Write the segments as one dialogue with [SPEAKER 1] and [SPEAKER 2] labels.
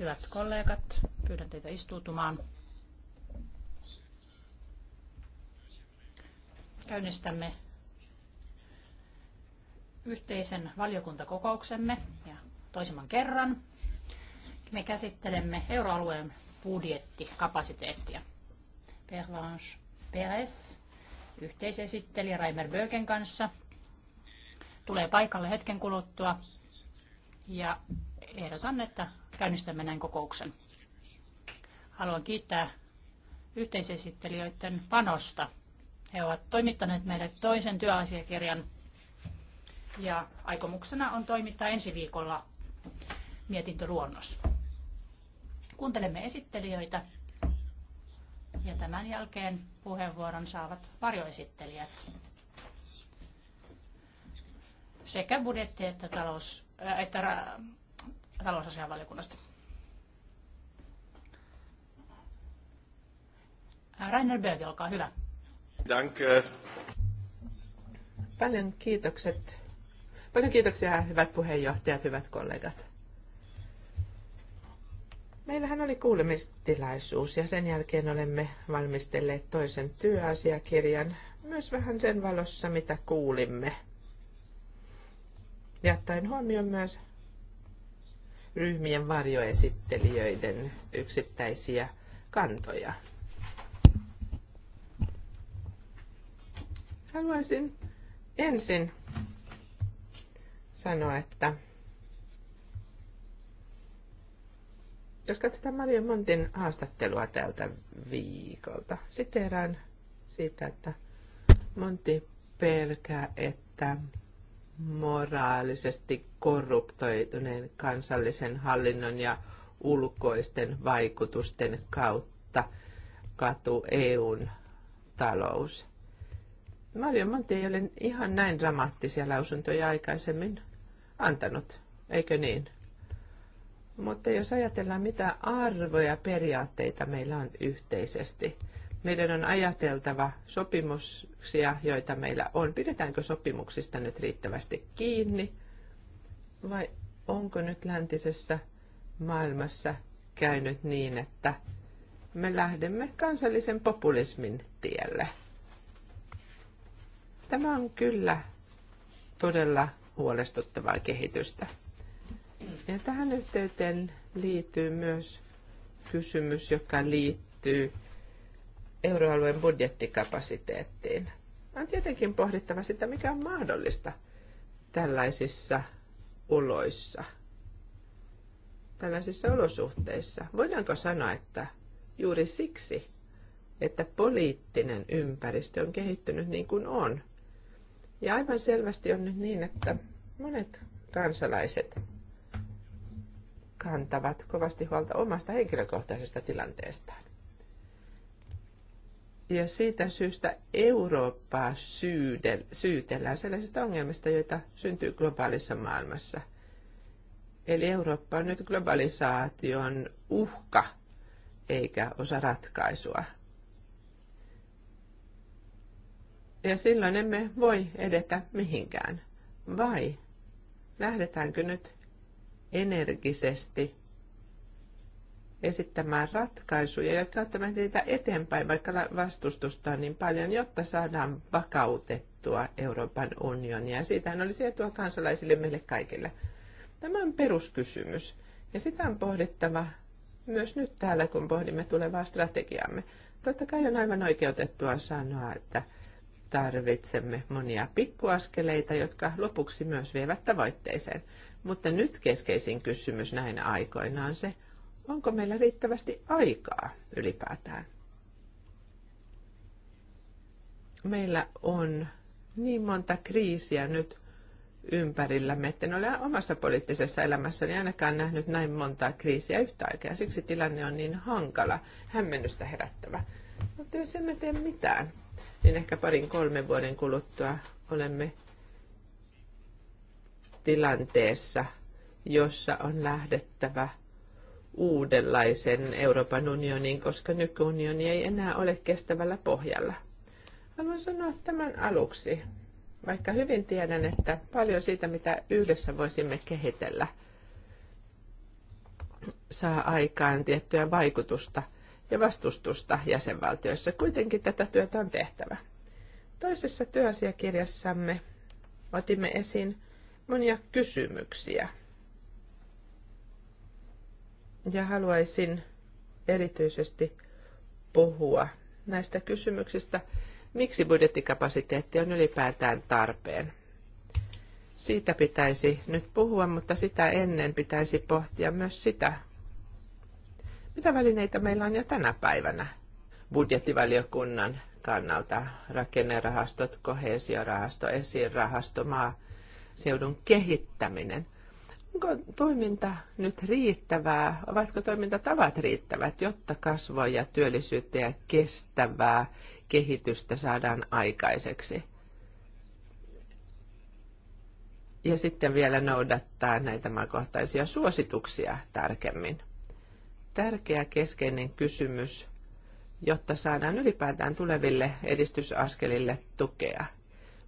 [SPEAKER 1] Hyvät kollegat, pyydän teitä istuutumaan. Käynnistämme yhteisen valiokuntakokouksemme ja toisemman kerran. Me käsittelemme euroalueen budjettikapasiteettia. Pervanche Peres, yhteisesittelijä Raimer Bögen kanssa – tulee paikalle hetken kuluttua ja ehdotan, että käynnistämme näin kokouksen. Haluan kiittää yhteisesittelijöiden panosta. He ovat toimittaneet meille toisen työasiakirjan ja aikomuksena on toimittaa ensi viikolla mietintöluonnos. Kuuntelemme esittelijöitä ja tämän jälkeen puheenvuoron saavat varjoesittelijät sekä budjetti- että, talous, äh, että talousasianvaliokunnasta.
[SPEAKER 2] Äh, Rainer Berg, olkaa hyvä. Danke. Paljon kiitokset. Paljon kiitoksia, hyvät puheenjohtajat, hyvät kollegat. Meillähän oli kuulemistilaisuus ja sen jälkeen olemme valmistelleet toisen työasiakirjan, myös vähän sen valossa, mitä kuulimme – ja ottaen huomioon myös ryhmien varjoesittelijöiden yksittäisiä kantoja. Haluaisin ensin sanoa, että jos katsotaan Mario Montin haastattelua tältä viikolta, siteeraan siitä, että Monti pelkää, että moraalisesti korruptoituneen kansallisen hallinnon ja ulkoisten vaikutusten kautta katu EUn talous. Mario Monti ei ole ihan näin dramaattisia lausuntoja aikaisemmin antanut, eikö niin? Mutta jos ajatellaan, mitä arvoja ja periaatteita meillä on yhteisesti, meidän on ajateltava sopimuksia, joita meillä on. Pidetäänkö sopimuksista nyt riittävästi kiinni vai onko nyt läntisessä maailmassa käynyt niin, että me lähdemme kansallisen populismin tielle? Tämä on kyllä todella huolestuttavaa kehitystä. Ja tähän yhteyteen liittyy myös kysymys, joka liittyy euroalueen budjettikapasiteettiin. On tietenkin pohdittava sitä, mikä on mahdollista tällaisissa oloissa, tällaisissa olosuhteissa. Voidaanko sanoa, että juuri siksi, että poliittinen ympäristö on kehittynyt niin kuin on. Ja aivan selvästi on nyt niin, että monet kansalaiset kantavat kovasti huolta omasta henkilökohtaisesta tilanteestaan. Ja siitä syystä Eurooppaa syytellään sellaisista ongelmista, joita syntyy globaalissa maailmassa. Eli Eurooppa on nyt globalisaation uhka eikä osa ratkaisua. Ja silloin emme voi edetä mihinkään. Vai lähdetäänkö nyt energisesti esittämään ratkaisuja, jotka ottavat niitä eteenpäin, vaikka vastustusta on niin paljon, jotta saadaan vakautettua Euroopan unionia. Siitähän olisi etua kansalaisille meille kaikille. Tämä on peruskysymys, ja sitä on pohdittava myös nyt täällä, kun pohdimme tulevaa strategiamme. Totta kai on aivan oikeutettua sanoa, että tarvitsemme monia pikkuaskeleita, jotka lopuksi myös vievät tavoitteeseen. Mutta nyt keskeisin kysymys näin aikoina on se, onko meillä riittävästi aikaa ylipäätään. Meillä on niin monta kriisiä nyt ympärillämme, että en ole omassa poliittisessa elämässäni ainakaan nähnyt näin montaa kriisiä yhtä aikaa. Siksi tilanne on niin hankala, hämmennystä herättävä. Mutta jos emme tee mitään, niin ehkä parin kolmen vuoden kuluttua olemme tilanteessa, jossa on lähdettävä – uudenlaisen Euroopan unionin, koska nykyunioni ei enää ole kestävällä pohjalla. Haluan sanoa tämän aluksi, vaikka hyvin tiedän, että paljon siitä, mitä yhdessä voisimme kehitellä, saa aikaan tiettyä vaikutusta ja vastustusta jäsenvaltioissa. Kuitenkin tätä työtä on tehtävä. Toisessa työasiakirjassamme otimme esiin monia kysymyksiä ja haluaisin erityisesti puhua näistä kysymyksistä, miksi budjettikapasiteetti on ylipäätään tarpeen. Siitä pitäisi nyt puhua, mutta sitä ennen pitäisi pohtia myös sitä, mitä välineitä meillä on jo tänä päivänä budjettivaliokunnan kannalta. Rakennerahastot, kohesiorahasto, esirahasto, maaseudun kehittäminen – Onko toiminta nyt riittävää? Ovatko toimintatavat riittävät, jotta kasvua ja työllisyyttä ja kestävää kehitystä saadaan aikaiseksi? Ja sitten vielä noudattaa näitä maakohtaisia suosituksia tarkemmin. Tärkeä keskeinen kysymys, jotta saadaan ylipäätään tuleville edistysaskelille tukea.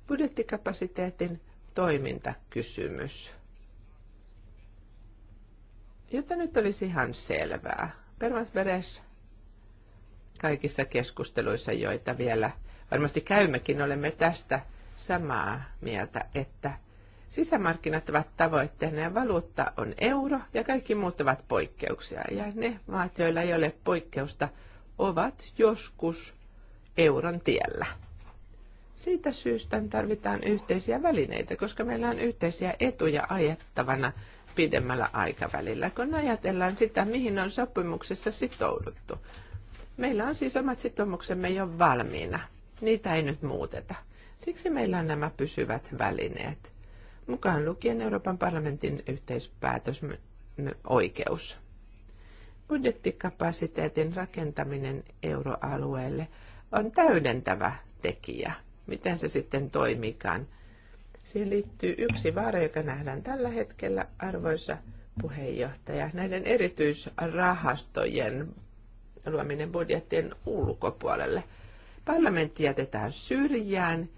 [SPEAKER 2] Budjettikapasiteetin toimintakysymys Jotta nyt olisi ihan selvää. Beres, kaikissa keskusteluissa, joita vielä varmasti käymmekin, olemme tästä samaa mieltä, että sisämarkkinat ovat tavoitteena ja valuutta on euro ja kaikki muut ovat poikkeuksia. Ja ne maat, joilla ei ole poikkeusta, ovat joskus euron tiellä. Siitä syystä tarvitaan yhteisiä välineitä, koska meillä on yhteisiä etuja ajettavana – pidemmällä aikavälillä, kun ajatellaan sitä, mihin on sopimuksessa sitouduttu. Meillä on siis omat sitoumuksemme jo valmiina. Niitä ei nyt muuteta. Siksi meillä on nämä pysyvät välineet, mukaan lukien Euroopan parlamentin oikeus. Budjettikapasiteetin rakentaminen euroalueelle on täydentävä tekijä, miten se sitten toimikaan – Siihen liittyy yksi vaara, joka nähdään tällä hetkellä, arvoisa puheenjohtaja, näiden erityisrahastojen luominen budjettien ulkopuolelle. Parlamentti jätetään syrjään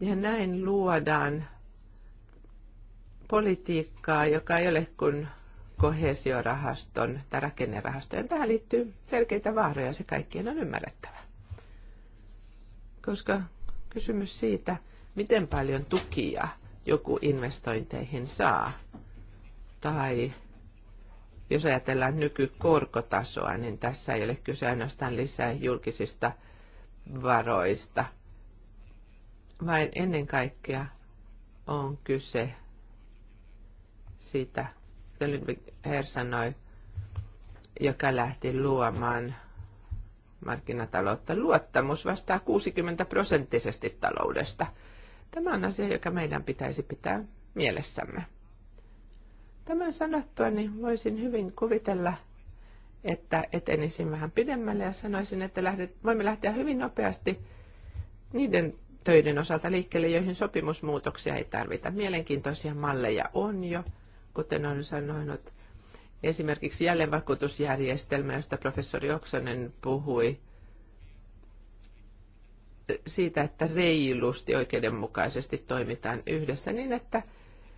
[SPEAKER 2] ja näin luodaan politiikkaa, joka ei ole kuin kohesiorahaston tai rakennerahastojen. Tähän liittyy selkeitä vaaroja, se kaikkien on ymmärrettävä. Koska kysymys siitä, miten paljon tukia joku investointeihin saa. Tai jos ajatellaan nykykorkotasoa, niin tässä ei ole kyse ainoastaan lisää julkisista varoista, vaan ennen kaikkea on kyse siitä, mitä Ludwig Herr sanoi, joka lähti luomaan markkinataloutta. Luottamus vastaa 60 prosenttisesti taloudesta. Tämä on asia, joka meidän pitäisi pitää mielessämme. Tämän sanottua niin voisin hyvin kuvitella, että etenisin vähän pidemmälle ja sanoisin, että lähdet, voimme lähteä hyvin nopeasti niiden töiden osalta liikkeelle, joihin sopimusmuutoksia ei tarvita. Mielenkiintoisia malleja on jo, kuten on sanonut esimerkiksi jälleenvakuutusjärjestelmä, josta professori Oksanen puhui – siitä, että reilusti oikeudenmukaisesti toimitaan yhdessä niin, että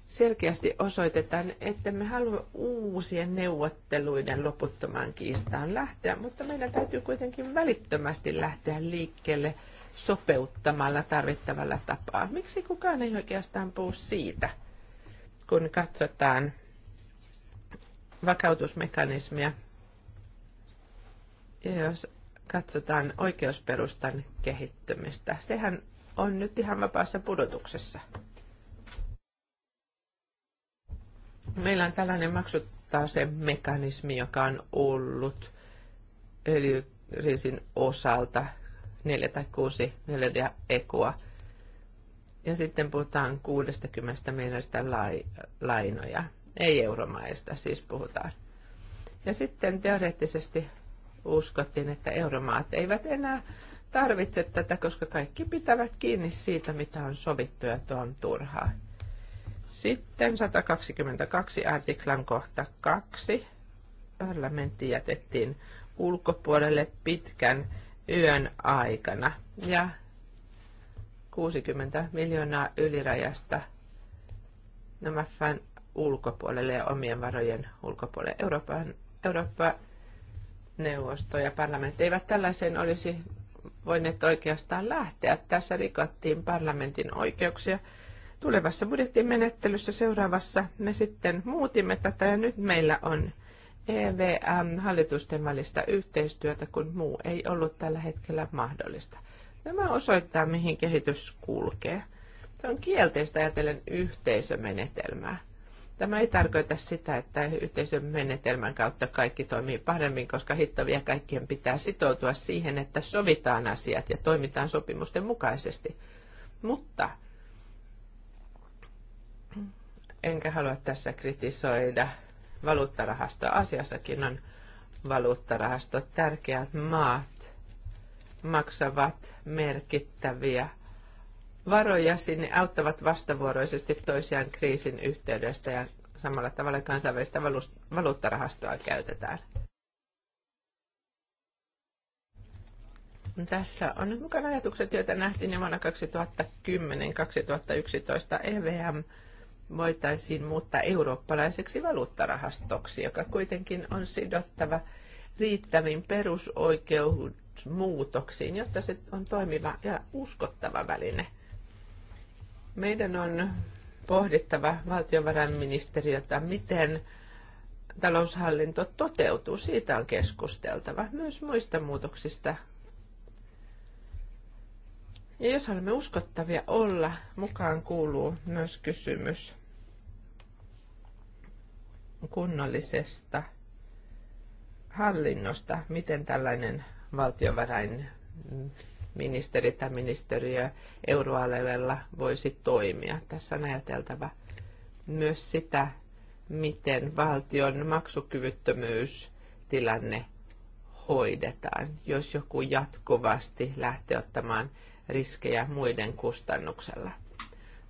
[SPEAKER 2] selkeästi osoitetaan, että me halua uusien neuvotteluiden loputtomaan kiistaan lähteä, mutta meidän täytyy kuitenkin välittömästi lähteä liikkeelle sopeuttamalla tarvittavalla tapaa. Miksi kukaan ei oikeastaan puhu siitä, kun katsotaan vakautusmekanismia? Ja jos katsotaan oikeusperustan kehittymistä. Sehän on nyt ihan vapaassa pudotuksessa. Meillä on tällainen maksutasemekanismi, joka on ollut öljykriisin osalta 4 tai 6 miljardia ekoa. Ja sitten puhutaan 60 miljoonasta lai, lainoja, ei euromaista siis puhutaan. Ja sitten teoreettisesti uskottiin, että euromaat eivät enää tarvitse tätä, koska kaikki pitävät kiinni siitä, mitä on sovittu ja tuo on turhaa. Sitten 122 artiklan kohta 2. Parlamentti jätettiin ulkopuolelle pitkän yön aikana ja 60 miljoonaa ylirajasta nämä fan ulkopuolelle ja omien varojen ulkopuolelle. Euroopan, Eurooppa neuvosto ja parlamentti eivät tällaiseen olisi voineet oikeastaan lähteä. Tässä rikottiin parlamentin oikeuksia. Tulevassa budjettimenettelyssä seuraavassa me sitten muutimme tätä ja nyt meillä on EVM hallitusten välistä yhteistyötä, kun muu ei ollut tällä hetkellä mahdollista. Tämä osoittaa, mihin kehitys kulkee. Se on kielteistä ajatellen yhteisömenetelmää. Tämä ei tarkoita sitä, että yhteisön menetelmän kautta kaikki toimii paremmin, koska hittavia kaikkien pitää sitoutua siihen, että sovitaan asiat ja toimitaan sopimusten mukaisesti. Mutta enkä halua tässä kritisoida valuuttarahastoa. Asiassakin on valuuttarahasto. Tärkeät maat maksavat merkittäviä varoja sinne auttavat vastavuoroisesti toisiaan kriisin yhteydestä ja samalla tavalla kansainvälistä valuuttarahastoa käytetään. Tässä on nyt mukana ajatukset, joita nähtiin jo vuonna 2010-2011 EVM voitaisiin muuttaa eurooppalaiseksi valuuttarahastoksi, joka kuitenkin on sidottava riittäviin perusoikeusmuutoksiin, jotta se on toimiva ja uskottava väline – meidän on pohdittava valtiovarainministeriötä, miten taloushallinto toteutuu. Siitä on keskusteltava myös muista muutoksista. Ja jos haluamme uskottavia olla, mukaan kuuluu myös kysymys kunnallisesta hallinnosta, miten tällainen valtiovarain ministeri tai ministeriö euroalueella voisi toimia. Tässä on ajateltava myös sitä, miten valtion maksukyvyttömyystilanne hoidetaan, jos joku jatkuvasti lähtee ottamaan riskejä muiden kustannuksella.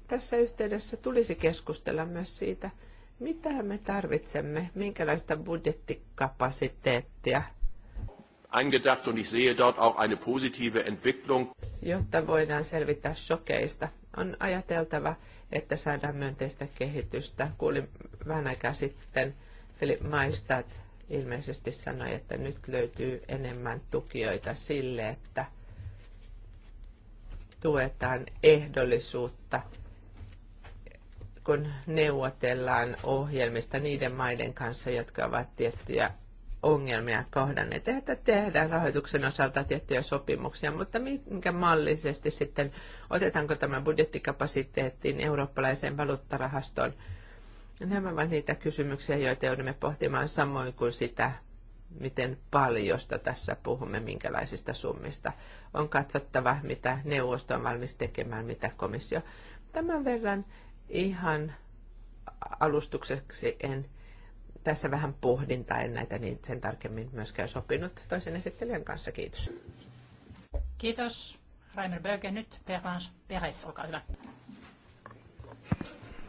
[SPEAKER 2] Tässä yhteydessä tulisi keskustella myös siitä, mitä me tarvitsemme, minkälaista budjettikapasiteettia
[SPEAKER 3] angedacht und ich sehe dort auch eine positive Entwicklung.
[SPEAKER 2] Jotta voidaan selvittää shokeista, on ajateltava, että saadaan myönteistä kehitystä. Kuulin vähän aikaa sitten Philip Maistat ilmeisesti sanoi, että nyt löytyy enemmän tukijoita sille, että tuetaan ehdollisuutta, kun neuvotellaan ohjelmista niiden maiden kanssa, jotka ovat tiettyjä ongelmia kohdanneet, että tehdään rahoituksen osalta tiettyjä sopimuksia, mutta minkä mallisesti sitten otetaanko tämä budjettikapasiteettiin eurooppalaiseen valuuttarahastoon? Nämä ovat niitä kysymyksiä, joita joudumme pohtimaan samoin kuin sitä, miten paljosta tässä puhumme, minkälaisista summista. On katsottava, mitä neuvosto on valmis tekemään, mitä komissio. Tämän verran ihan alustukseksi en tässä vähän pohdintaa, en näitä niin sen tarkemmin myöskään sopinut toisen esittelijän kanssa. Kiitos.
[SPEAKER 1] Kiitos. Raimer Böge, nyt Pervans Peres, olkaa hyvä.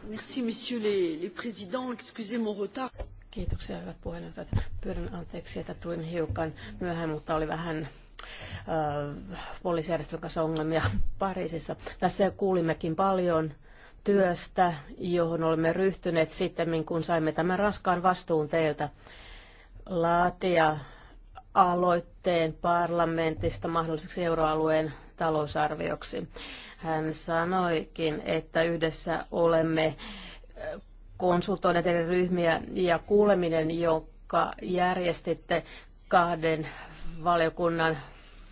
[SPEAKER 4] Merci, messieurs les, le présidents. Excusez mon retard. Kiitoksia, hyvät puheenjohtajat. Pyydän anteeksi, että tulin hiukan myöhään, mutta oli vähän äh, poliisijärjestelmän kanssa ongelmia Pariisissa. Tässä kuulimmekin paljon työstä, johon olemme ryhtyneet sitten, kun saimme tämän raskaan vastuun teiltä laatia aloitteen parlamentista mahdolliseksi euroalueen talousarvioksi. Hän sanoikin, että yhdessä olemme konsultoineet eri ryhmiä ja kuuleminen, jonka järjestitte kahden valiokunnan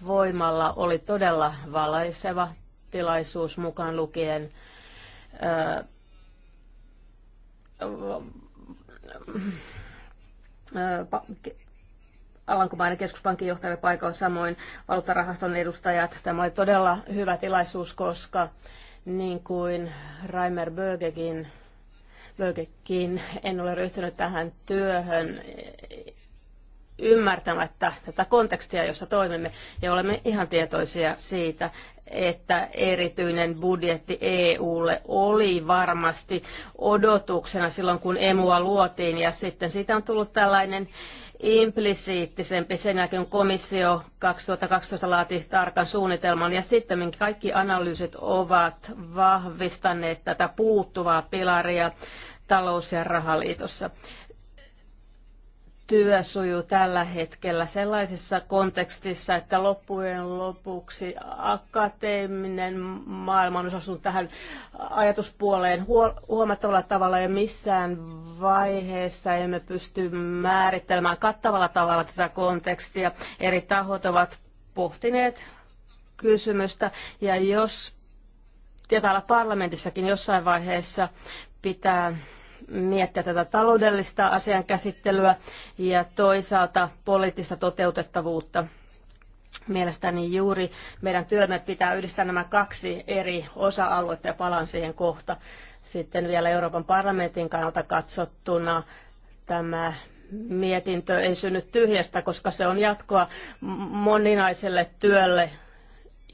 [SPEAKER 4] voimalla, oli todella valaiseva tilaisuus mukaan lukien Alankomainen keskuspankin johtajalle paikalla samoin valuuttarahaston edustajat. Tämä oli todella hyvä tilaisuus, koska niin kuin Raimer Bögekin, Bögekin en ole ryhtynyt tähän työhön ymmärtämättä tätä kontekstia, jossa toimimme, ja olemme ihan tietoisia siitä, että erityinen budjetti EUlle oli varmasti odotuksena silloin, kun EMUa luotiin, ja sitten siitä on tullut tällainen implisiittisempi sen jälkeen, kun komissio 2012 laati tarkan suunnitelman, ja sitten kaikki analyysit ovat vahvistaneet tätä puuttuvaa pilaria talous- ja rahaliitossa työ sujuu tällä hetkellä sellaisessa kontekstissa, että loppujen lopuksi akateeminen maailma on osunut tähän ajatuspuoleen huomattavalla tavalla ja missään vaiheessa emme pysty määrittelemään kattavalla tavalla tätä kontekstia. Eri tahot ovat pohtineet kysymystä ja jos ja täällä parlamentissakin jossain vaiheessa pitää miettiä tätä taloudellista asian käsittelyä ja toisaalta poliittista toteutettavuutta. Mielestäni juuri meidän työmme pitää yhdistää nämä kaksi eri osa-aluetta ja palaan siihen kohta. Sitten vielä Euroopan parlamentin kannalta katsottuna tämä mietintö ei synny tyhjästä, koska se on jatkoa moninaiselle työlle,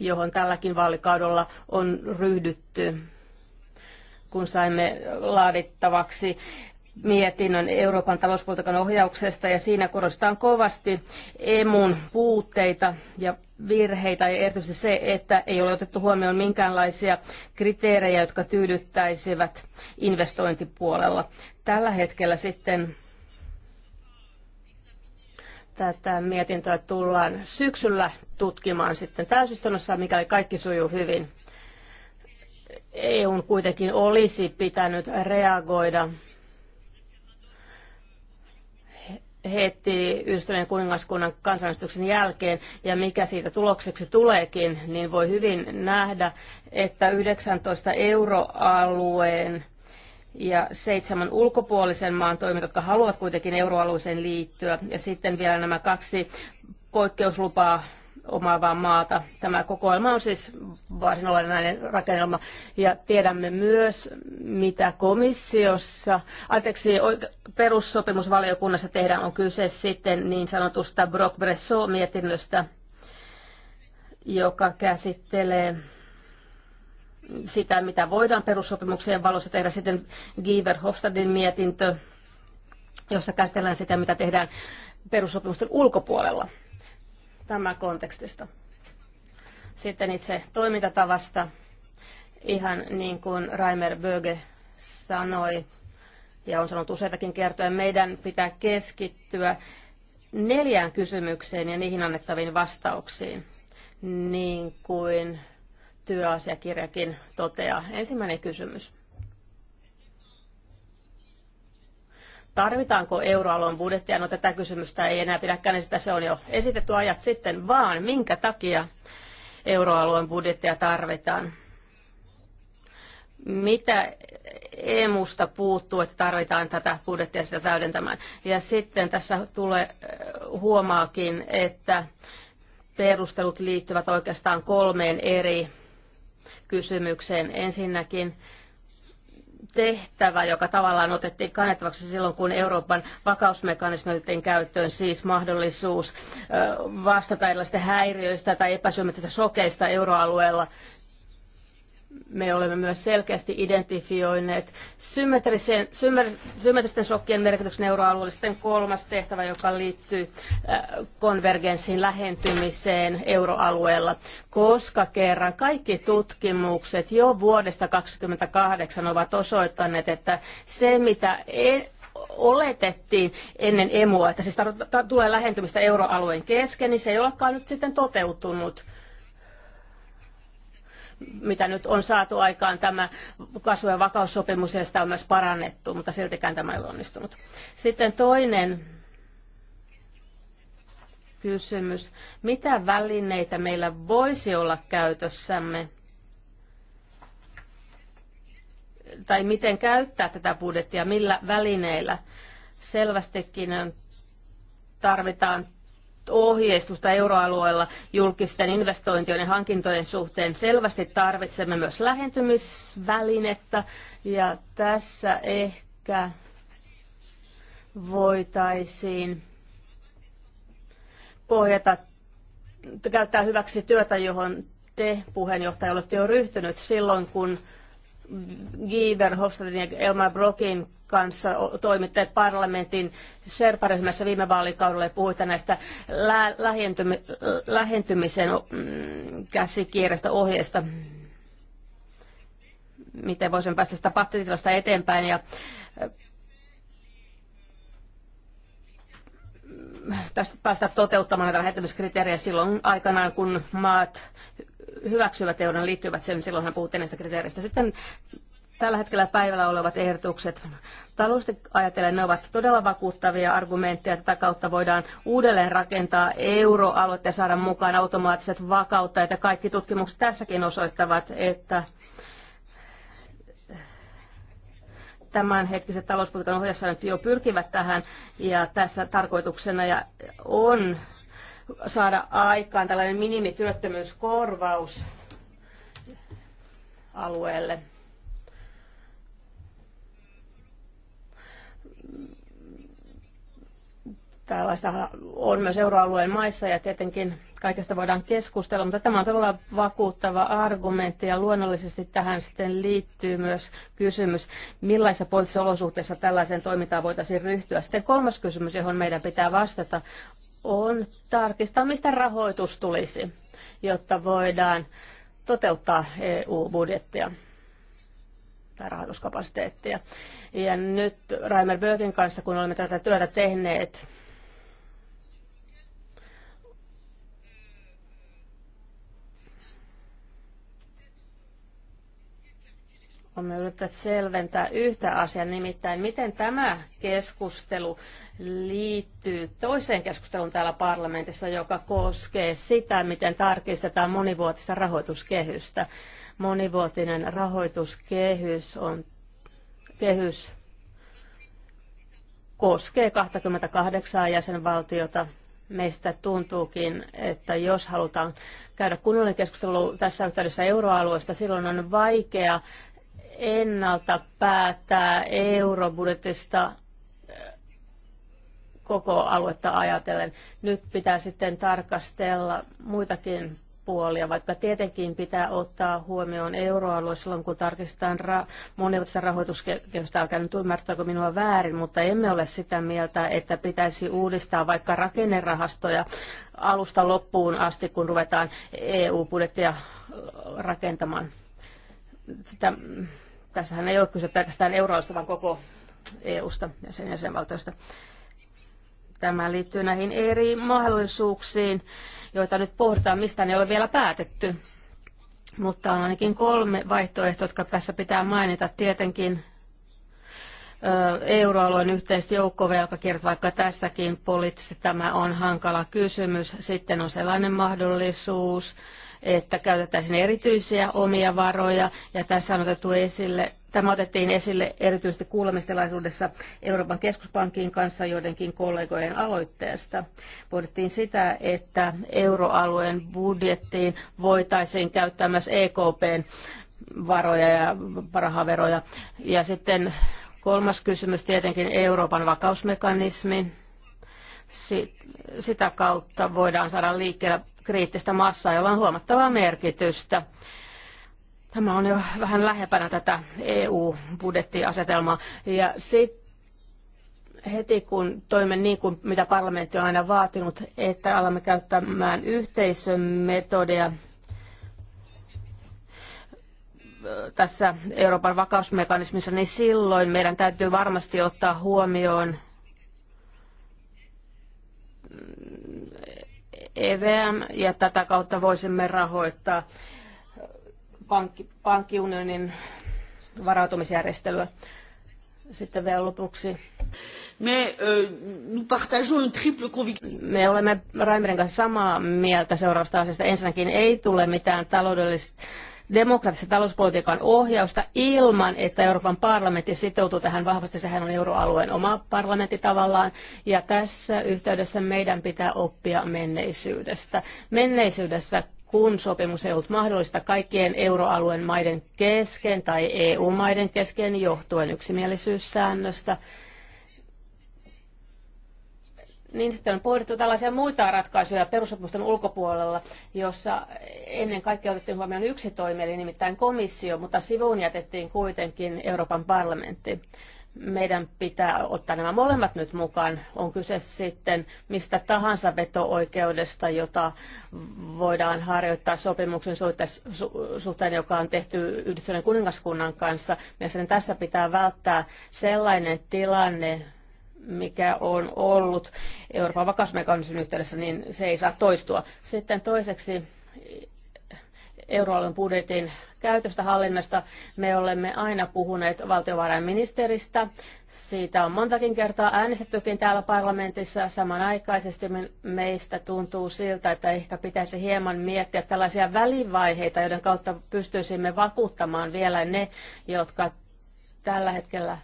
[SPEAKER 4] johon tälläkin vaalikaudella on ryhdytty kun saimme laadittavaksi mietinnön Euroopan talouspolitiikan ohjauksesta ja siinä korostetaan kovasti emun puutteita ja virheitä ja erityisesti se, että ei ole otettu huomioon minkäänlaisia kriteerejä, jotka tyydyttäisivät investointipuolella. Tällä hetkellä sitten tätä mietintöä tullaan syksyllä tutkimaan sitten täysistunnossa, mikäli kaikki sujuu hyvin. EU kuitenkin olisi pitänyt reagoida heti ystävien kuningaskunnan kansanäänestyksen jälkeen, ja mikä siitä tulokseksi tuleekin, niin voi hyvin nähdä, että 19 euroalueen ja seitsemän ulkopuolisen maan toimijat, jotka haluavat kuitenkin euroalueeseen liittyä, ja sitten vielä nämä kaksi poikkeuslupaa omaavaa maata. Tämä kokoelma on siis varsin olennainen rakennelma. Ja tiedämme myös, mitä komissiossa, anteeksi, perussopimusvaliokunnassa tehdään, on kyse sitten niin sanotusta Brock-Bresson-mietinnöstä, joka käsittelee sitä, mitä voidaan perussopimuksien valossa tehdä. Sitten Giver Hofstadin mietintö, jossa käsitellään sitä, mitä tehdään perussopimusten ulkopuolella. Tämä kontekstista. Sitten itse toimintatavasta, ihan niin kuin Raimer Böge sanoi, ja on sanonut useitakin kertoja, meidän pitää keskittyä neljään kysymykseen ja niihin annettaviin vastauksiin, niin kuin työasiakirjakin toteaa. Ensimmäinen kysymys. tarvitaanko euroalueen budjettia, no tätä kysymystä ei enää pidäkään sitä se on jo esitetty ajat sitten, vaan minkä takia euroalueen budjettia tarvitaan. Mitä EMUsta puuttuu, että tarvitaan tätä budjettia sitä täydentämään. Ja sitten tässä tulee eh, huomaakin, että perustelut liittyvät oikeastaan kolmeen eri kysymykseen. Ensinnäkin tehtävä, joka tavallaan otettiin kannettavaksi silloin, kun Euroopan vakausmekanismi otettiin käyttöön, siis mahdollisuus vastata erilaisista häiriöistä tai epäsymmetrisistä sokeista euroalueella me olemme myös selkeästi identifioineet symmetristen shokkien merkityksen euroalueellisten kolmas tehtävä, joka liittyy äh, konvergenssin lähentymiseen euroalueella, koska kerran kaikki tutkimukset jo vuodesta 2028 ovat osoittaneet, että se mitä e oletettiin ennen emua, että siis tulee lähentymistä euroalueen kesken, niin se ei olekaan nyt sitten toteutunut mitä nyt on saatu aikaan tämä kasvu- ja vakaussopimus, ja sitä on myös parannettu, mutta siltikään tämä ei ole onnistunut. Sitten toinen kysymys. Mitä välineitä meillä voisi olla käytössämme? Tai miten käyttää tätä budjettia, millä välineillä? Selvästikin tarvitaan ohjeistusta euroalueella julkisten investointien ja hankintojen suhteen. Selvästi tarvitsemme myös lähentymisvälinettä ja tässä ehkä voitaisiin pohjata, käyttää hyväksi työtä, johon te puheenjohtaja olette jo ryhtynyt silloin, kun Gieber Hofstadin ja Elmar Brokin kanssa toimitte parlamentin serparyhmässä viime vaalikaudella ja puhuitte näistä lä- lähentymi- lähentymisen mm, käsikierrestä ohjeesta, miten voisimme päästä sitä pattitilasta eteenpäin. Ja, mm, tästä päästä toteuttamaan näitä lähettämiskriteerejä silloin aikanaan, kun maat hyväksyvät euron liittyvät sen, silloinhan puhuttiin näistä kriteereistä. Sitten tällä hetkellä päivällä olevat ehdotukset. Taloudellisesti ajatellen ne ovat todella vakuuttavia argumentteja. Tätä kautta voidaan uudelleen rakentaa euroaluetta ja saada mukaan automaattiset vakautta. Ja kaikki tutkimukset tässäkin osoittavat, että tämänhetkiset talouspolitiikan ohjassa nyt jo pyrkivät tähän ja tässä tarkoituksena ja on saada aikaan tällainen minimityöttömyyskorvaus alueelle. Tällaista on myös euroalueen maissa ja tietenkin kaikesta voidaan keskustella, mutta tämä on todella vakuuttava argumentti ja luonnollisesti tähän sitten liittyy myös kysymys, millaisissa poliittisissa olosuhteissa tällaiseen toimintaan voitaisiin ryhtyä. Sitten kolmas kysymys, johon meidän pitää vastata, on tarkistaa, mistä rahoitus tulisi, jotta voidaan toteuttaa EU-budjettia tai rahoituskapasiteettia. Ja nyt Raimer Böökin kanssa, kun olemme tätä työtä tehneet, Me yritetään selventää yhtä asiaa, nimittäin miten tämä keskustelu liittyy toiseen keskusteluun täällä parlamentissa, joka koskee sitä, miten tarkistetaan monivuotista rahoituskehystä. Monivuotinen rahoituskehys on kehys koskee 28 jäsenvaltiota meistä tuntuukin, että jos halutaan käydä kunnollinen keskustelu tässä yhteydessä euroalueesta, silloin on vaikea ennalta päättää eurobudjetista äh, koko aluetta ajatellen. Nyt pitää sitten tarkastella muitakin puolia, vaikka tietenkin pitää ottaa huomioon euroalue silloin, kun tarkistetaan ra- monivuotista rahoituskehystä. Älkää nyt ymmärtääkö minua väärin, mutta emme ole sitä mieltä, että pitäisi uudistaa vaikka rakennerahastoja alusta loppuun asti, kun ruvetaan EU-budjettia rakentamaan. Sitä Tässähän ei ole kyse pelkästään euroista, vaan koko EU-sta ja sen jäsenvaltioista. Tämä liittyy näihin eri mahdollisuuksiin, joita nyt pohditaan, mistä ne ole vielä päätetty. Mutta on ainakin kolme vaihtoehtoa, jotka tässä pitää mainita. Tietenkin euroalueen yhteiset joukkovelkakirjat, vaikka tässäkin poliittisesti tämä on hankala kysymys. Sitten on sellainen mahdollisuus, että käytettäisiin erityisiä omia varoja, ja tässä on otettu esille Tämä otettiin esille erityisesti kuulemistilaisuudessa Euroopan keskuspankin kanssa joidenkin kollegojen aloitteesta. Pohdittiin sitä, että euroalueen budjettiin voitaisiin käyttää myös EKPn varoja ja parahaveroja. Ja sitten kolmas kysymys tietenkin Euroopan vakausmekanismi. Sitä kautta voidaan saada liikkeelle kriittistä massaa, jolla on huomattavaa merkitystä. Tämä on jo vähän lähempänä tätä EU-budjettiasetelmaa. Ja sit heti kun toimme niin kuin mitä parlamentti on aina vaatinut, että alamme käyttämään yhteisön metodia tässä Euroopan vakausmekanismissa, niin silloin meidän täytyy varmasti ottaa huomioon EVM ja tätä kautta voisimme rahoittaa pankki, pankkiunionin varautumisjärjestelyä. Sitten vielä lopuksi. Me, Me olemme Raimerin kanssa samaa mieltä seuraavasta asiasta. Ensinnäkin ei tule mitään taloudellista demokraattisen talouspolitiikan ohjausta ilman, että Euroopan parlamentti sitoutuu tähän vahvasti. Sehän on euroalueen oma parlamentti tavallaan. Ja tässä yhteydessä meidän pitää oppia menneisyydestä. Menneisyydessä kun sopimus ei ollut mahdollista kaikkien euroalueen maiden kesken tai EU-maiden kesken johtuen yksimielisyyssäännöstä, niin sitten on pohdittu tällaisia muita ratkaisuja perussopimusten ulkopuolella, jossa ennen kaikkea otettiin huomioon yksi toimi, eli nimittäin komissio, mutta sivuun jätettiin kuitenkin Euroopan parlamentti. Meidän pitää ottaa nämä molemmat nyt mukaan. On kyse sitten mistä tahansa veto-oikeudesta, jota voidaan harjoittaa sopimuksen suhteen, joka on tehty Yhdistyneen kuningaskunnan kanssa. Mielestäni tässä pitää välttää sellainen tilanne, mikä on ollut Euroopan vakausmekanismin yhteydessä, niin se ei saa toistua. Sitten toiseksi euroalueen budjetin käytöstä hallinnasta. Me olemme aina puhuneet valtiovarainministeristä. Siitä on montakin kertaa äänestettykin täällä parlamentissa. Samanaikaisesti meistä tuntuu siltä, että ehkä pitäisi hieman miettiä tällaisia välivaiheita, joiden kautta pystyisimme vakuuttamaan vielä ne, jotka tällä hetkellä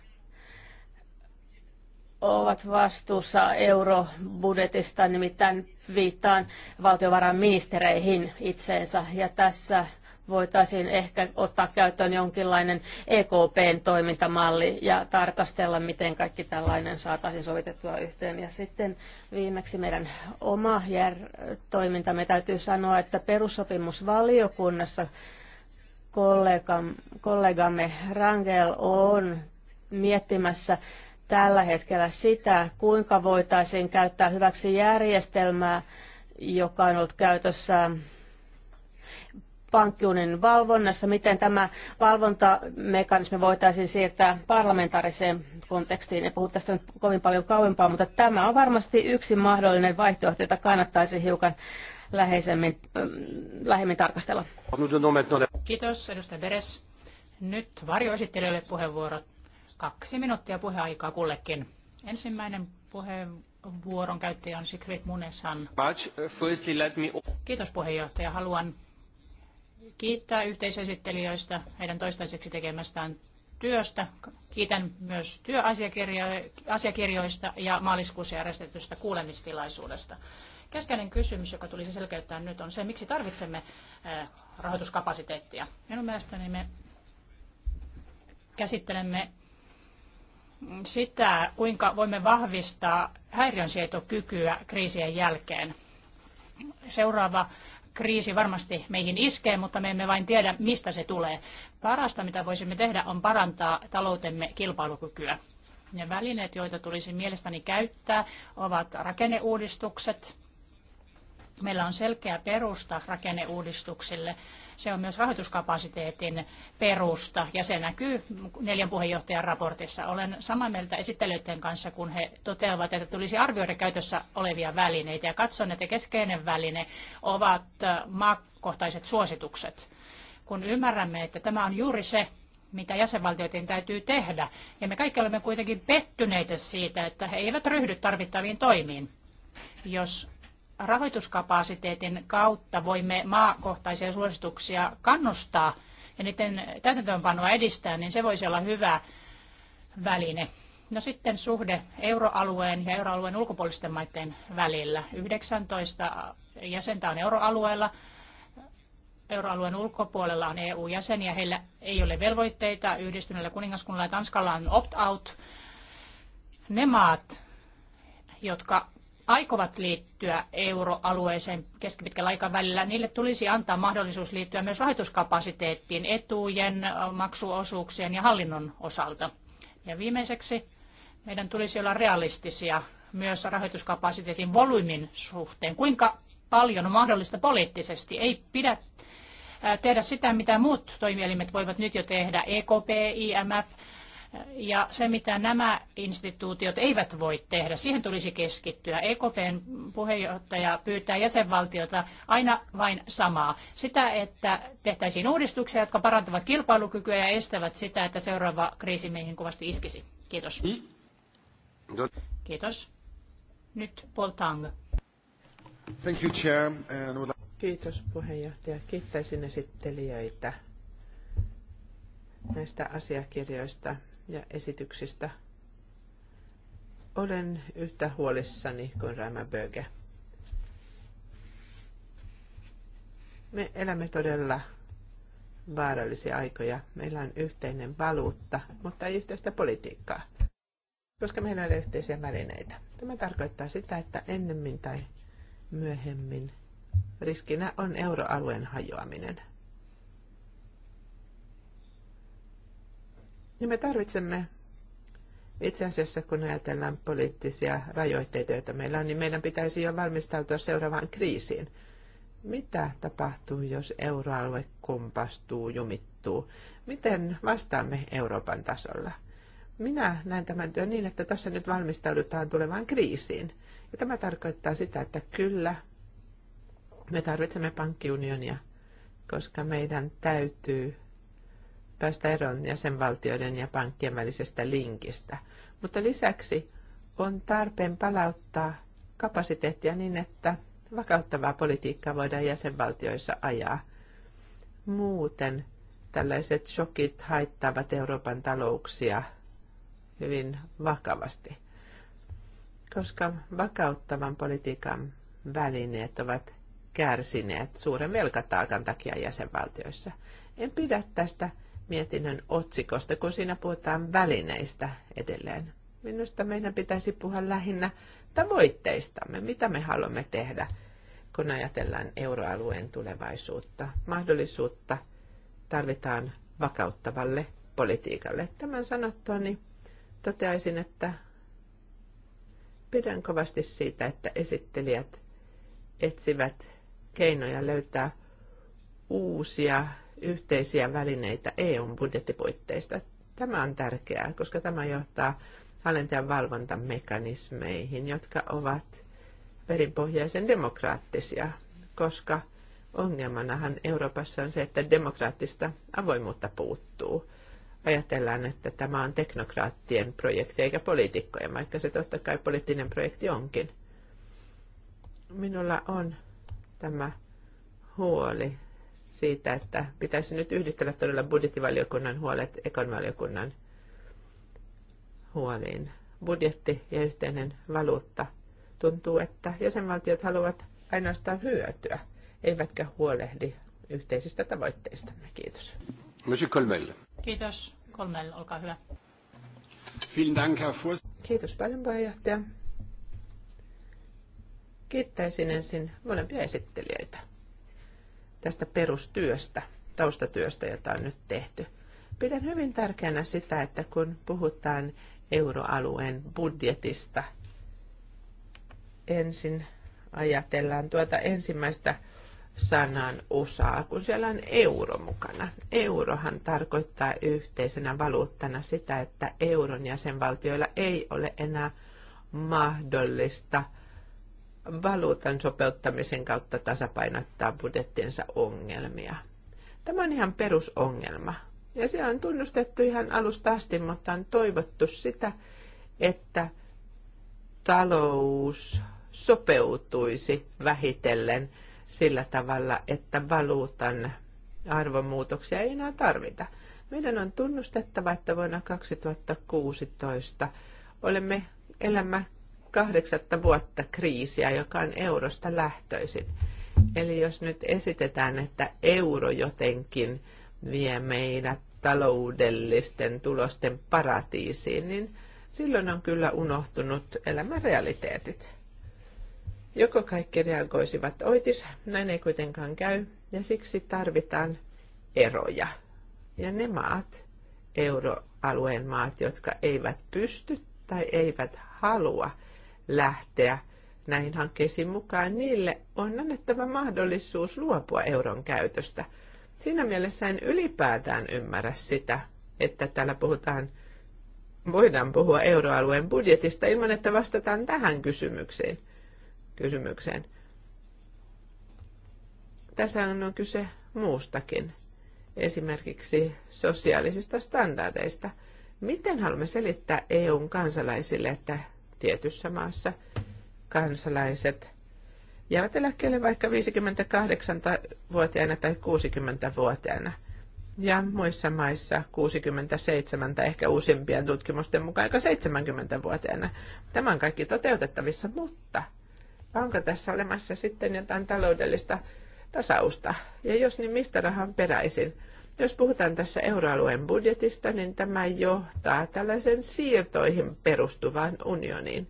[SPEAKER 4] ovat vastuussa eurobudjetista, nimittäin viittaan valtiovarainministereihin itseensä. Ja tässä voitaisiin ehkä ottaa käyttöön jonkinlainen EKPn toimintamalli ja tarkastella, miten kaikki tällainen saataisiin sovitettua yhteen. Ja sitten viimeksi meidän oma jär- toimintamme täytyy sanoa, että perussopimusvaliokunnassa kollegamme Rangel on miettimässä tällä hetkellä sitä, kuinka voitaisiin käyttää hyväksi järjestelmää, joka on ollut käytössä pankkiunin valvonnassa, miten tämä valvontamekanismi voitaisiin siirtää parlamentaariseen kontekstiin. En puhu tästä nyt kovin paljon kauempaa, mutta tämä on varmasti yksi mahdollinen vaihtoehto, jota kannattaisi hiukan läheisemmin, äh, lähemmin tarkastella. Kiitos,
[SPEAKER 1] edustaja Beres. Nyt varjoesittelijöille puheenvuorot. Kaksi minuuttia puheaikaa kullekin. Ensimmäinen puheenvuoron käyttäjä on Sigrid Munesan. Kiitos puheenjohtaja. Haluan kiittää yhteisesittelijöistä heidän toistaiseksi tekemästään työstä. Kiitän myös työasiakirjoista ja maaliskuussa järjestetystä kuulemistilaisuudesta. Keskeinen kysymys, joka tulisi selkeyttää nyt, on se, miksi tarvitsemme rahoituskapasiteettia. Minun mielestäni me käsittelemme sitä, kuinka voimme vahvistaa häiriönsietokykyä kriisien jälkeen. Seuraava kriisi varmasti meihin iskee, mutta me emme vain tiedä, mistä se tulee. Parasta, mitä voisimme tehdä, on parantaa taloutemme kilpailukykyä. Ne välineet, joita tulisi mielestäni käyttää, ovat rakenneuudistukset. Meillä on selkeä perusta rakenneuudistuksille. Se on myös rahoituskapasiteetin perusta ja se näkyy neljän puheenjohtajan raportissa. Olen samaa mieltä esittelyiden kanssa, kun he toteavat, että tulisi arvioida käytössä olevia välineitä ja katson, että keskeinen väline ovat äh, maakohtaiset suositukset. Kun ymmärrämme, että tämä on juuri se, mitä jäsenvaltioiden täytyy tehdä. Ja me kaikki olemme kuitenkin pettyneitä siitä, että he eivät ryhdy tarvittaviin toimiin. Jos rahoituskapasiteetin kautta voimme maakohtaisia suosituksia kannustaa ja niiden täytäntöönpanoa edistää, niin se voisi olla hyvä väline. No sitten suhde euroalueen ja euroalueen ulkopuolisten maiden välillä. 19 jäsentä on euroalueella, euroalueen ulkopuolella on EU-jäseniä, heillä ei ole velvoitteita, yhdistyneellä kuningaskunnalla ja Tanskalla on opt-out. Ne maat, jotka aikovat liittyä euroalueeseen keskipitkällä aikavälillä, niille tulisi antaa mahdollisuus liittyä myös rahoituskapasiteettiin etujen, maksuosuuksien ja hallinnon osalta. Ja viimeiseksi meidän tulisi olla realistisia myös rahoituskapasiteetin volyymin suhteen. Kuinka paljon on mahdollista poliittisesti? Ei pidä tehdä sitä, mitä muut toimielimet voivat nyt jo tehdä, EKP, IMF, ja se, mitä nämä instituutiot eivät voi tehdä, siihen tulisi keskittyä. EKPn puheenjohtaja pyytää jäsenvaltiota aina vain samaa. Sitä, että tehtäisiin uudistuksia, jotka parantavat kilpailukykyä ja estävät sitä, että seuraava kriisi meihin kovasti iskisi. Kiitos. Kiitos.
[SPEAKER 2] Nyt Paul Tang.
[SPEAKER 3] Thank you, Chair.
[SPEAKER 2] Kiitos puheenjohtaja. Kiittäisin esittelijöitä näistä asiakirjoista ja esityksistä. Olen yhtä huolissani kuin Rämä Böge. Me elämme todella vaarallisia aikoja. Meillä on yhteinen valuutta, mutta ei yhteistä politiikkaa, koska meillä ei ole yhteisiä välineitä. Tämä tarkoittaa sitä, että ennemmin tai myöhemmin riskinä on euroalueen hajoaminen – Niin me tarvitsemme itse asiassa, kun ajatellaan poliittisia rajoitteita, joita meillä on, niin meidän pitäisi jo valmistautua seuraavaan kriisiin. Mitä tapahtuu, jos euroalue kompastuu, jumittuu? Miten vastaamme Euroopan tasolla? Minä näen tämän työn niin, että tässä nyt valmistaudutaan tulevaan kriisiin. Ja tämä tarkoittaa sitä, että kyllä, me tarvitsemme pankkiunionia, koska meidän täytyy päästä eroon jäsenvaltioiden ja pankkien välisestä linkistä. Mutta lisäksi on tarpeen palauttaa kapasiteettia niin, että vakauttavaa politiikkaa voidaan jäsenvaltioissa ajaa. Muuten tällaiset shokit haittaavat Euroopan talouksia hyvin vakavasti, koska vakauttavan politiikan välineet ovat kärsineet suuren velkataakan takia jäsenvaltioissa. En pidä tästä mietinnön otsikosta, kun siinä puhutaan välineistä edelleen. Minusta meidän pitäisi puhua lähinnä tavoitteistamme, mitä me haluamme tehdä, kun ajatellaan euroalueen tulevaisuutta. Mahdollisuutta tarvitaan vakauttavalle politiikalle. Tämän sanottua, niin toteaisin, että pidän kovasti siitä, että esittelijät etsivät keinoja löytää uusia yhteisiä välineitä EUn budjettipuitteista. Tämä on tärkeää, koska tämä johtaa hallintajan valvontamekanismeihin, jotka ovat perinpohjaisen demokraattisia, koska ongelmanahan Euroopassa on se, että demokraattista avoimuutta puuttuu. Ajatellaan, että tämä on teknokraattien projekti eikä poliitikkojen, vaikka se totta kai poliittinen projekti onkin. Minulla on tämä huoli siitä, että pitäisi nyt yhdistellä todella budjettivaliokunnan huolet ekonvaliokunnan huoliin. Budjetti ja yhteinen valuutta. Tuntuu, että jäsenvaltiot haluavat ainoastaan hyötyä, eivätkä huolehdi yhteisistä tavoitteistamme. Kiitos.
[SPEAKER 3] Monsieur Colmel.
[SPEAKER 1] Kiitos. Colmel, olkaa
[SPEAKER 2] hyvä. Dank, Herr Kiitos paljon, puheenjohtaja. Kiittäisin ensin molempia esittelijöitä tästä perustyöstä, taustatyöstä, jota on nyt tehty. Pidän hyvin tärkeänä sitä, että kun puhutaan euroalueen budjetista, ensin ajatellaan tuota ensimmäistä sanan osaa, kun siellä on euro mukana. Eurohan tarkoittaa yhteisenä valuuttana sitä, että euron jäsenvaltioilla ei ole enää mahdollista – valuutan sopeuttamisen kautta tasapainottaa budjettinsa ongelmia. Tämä on ihan perusongelma. Ja se on tunnustettu ihan alusta asti, mutta on toivottu sitä, että talous sopeutuisi vähitellen sillä tavalla, että valuutan arvomuutoksia ei enää tarvita. Meidän on tunnustettava, että vuonna 2016 olemme elämä kahdeksattä vuotta kriisiä, joka on eurosta lähtöisin. Eli jos nyt esitetään, että euro jotenkin vie meidät taloudellisten tulosten paratiisiin, niin silloin on kyllä unohtunut elämän realiteetit. Joko kaikki reagoisivat oitis, näin ei kuitenkaan käy, ja siksi tarvitaan eroja. Ja ne maat, euroalueen maat, jotka eivät pysty tai eivät halua lähteä näihin hankkeisiin mukaan, niille on annettava mahdollisuus luopua euron käytöstä. Siinä mielessä en ylipäätään ymmärrä sitä, että täällä puhutaan, voidaan puhua euroalueen budjetista ilman, että vastataan tähän kysymykseen. kysymykseen. Tässä on kyse muustakin, esimerkiksi sosiaalisista standardeista. Miten haluamme selittää EUn kansalaisille, että tietyssä maassa kansalaiset jäävät eläkkeelle vaikka 58-vuotiaana tai 60-vuotiaana. Ja muissa maissa 67 tai ehkä uusimpien tutkimusten mukaan aika 70-vuotiaana. Tämä on kaikki toteutettavissa, mutta onko tässä olemassa sitten jotain taloudellista tasausta? Ja jos niin, mistä rahan peräisin? Jos puhutaan tässä euroalueen budjetista, niin tämä johtaa tällaisen siirtoihin perustuvaan unioniin.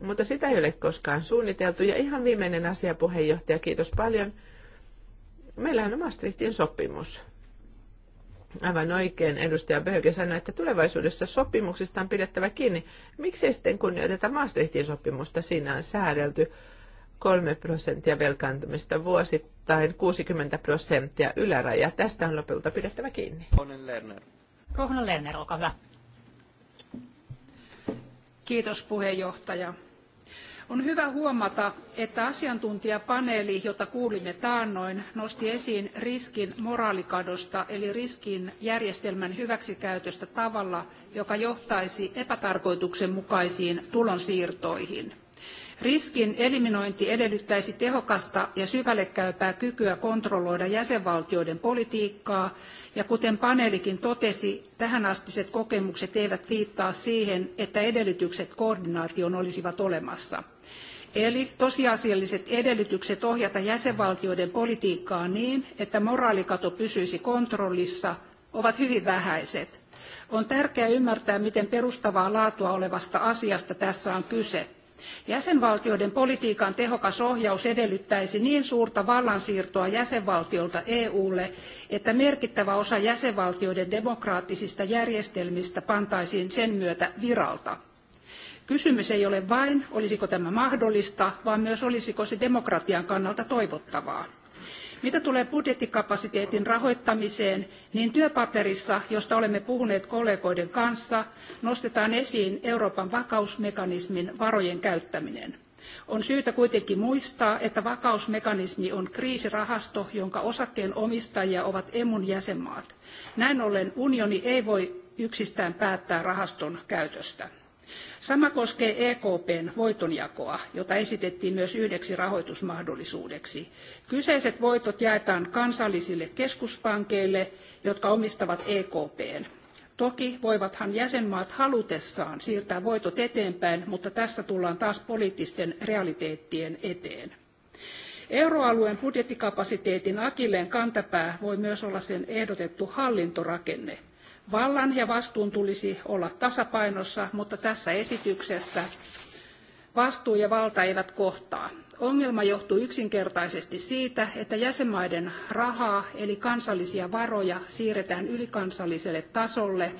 [SPEAKER 2] Mutta sitä ei ole koskaan suunniteltu. Ja ihan viimeinen asia, puheenjohtaja, kiitos paljon. Meillähän on Maastrichtin sopimus. Aivan oikein edustaja Böge sanoi, että tulevaisuudessa sopimuksista on pidettävä kiinni. Miksi sitten kunnioiteta Maastrichtin sopimusta? Siinä on säädelty 3 prosenttia velkaantumista vuosittain, 60 prosenttia yläraja. Tästä on lopulta pidettävä kiinni.
[SPEAKER 1] Ruohonen Lerner. Ruohonen Lerner, olkaa hyvä.
[SPEAKER 3] Kiitos puheenjohtaja. On hyvä huomata, että asiantuntijapaneeli, jota kuulimme taannoin, nosti esiin riskin moraalikadosta eli riskin järjestelmän hyväksikäytöstä tavalla, joka johtaisi epätarkoituksenmukaisiin tulonsiirtoihin. Riskin eliminointi edellyttäisi tehokasta ja syvälle käypää kykyä kontrolloida jäsenvaltioiden politiikkaa, ja kuten paneelikin totesi, tähänastiset kokemukset eivät viittaa siihen, että edellytykset koordinaation olisivat olemassa. Eli tosiasialliset edellytykset ohjata jäsenvaltioiden politiikkaa niin, että moraalikato pysyisi kontrollissa, ovat hyvin vähäiset. On tärkeää ymmärtää, miten perustavaa laatua olevasta asiasta tässä on kyse. Jäsenvaltioiden politiikan tehokas ohjaus edellyttäisi niin suurta vallansiirtoa jäsenvaltiolta EUlle, että merkittävä osa jäsenvaltioiden demokraattisista järjestelmistä pantaisiin sen myötä viralta. Kysymys ei ole vain, olisiko tämä mahdollista, vaan myös olisiko se demokratian kannalta toivottavaa. Mitä tulee budjettikapasiteetin rahoittamiseen, niin työpaperissa, josta olemme puhuneet kollegoiden kanssa, nostetaan esiin Euroopan vakausmekanismin varojen käyttäminen. On syytä kuitenkin muistaa, että vakausmekanismi on kriisirahasto, jonka osakkeen omistajia ovat emun jäsenmaat. Näin ollen unioni ei voi yksistään päättää rahaston käytöstä. Sama koskee EKPn voitonjakoa, jota esitettiin myös yhdeksi rahoitusmahdollisuudeksi. Kyseiset voitot jaetaan kansallisille keskuspankeille, jotka omistavat EKPn. Toki voivathan jäsenmaat halutessaan siirtää voitot eteenpäin, mutta tässä tullaan taas poliittisten realiteettien eteen. Euroalueen budjettikapasiteetin akilleen kantapää voi myös olla sen ehdotettu hallintorakenne. Vallan ja vastuun tulisi olla tasapainossa, mutta tässä esityksessä vastuu ja valta eivät kohtaa. Ongelma johtuu yksinkertaisesti siitä, että jäsenmaiden rahaa eli kansallisia varoja siirretään ylikansalliselle tasolle,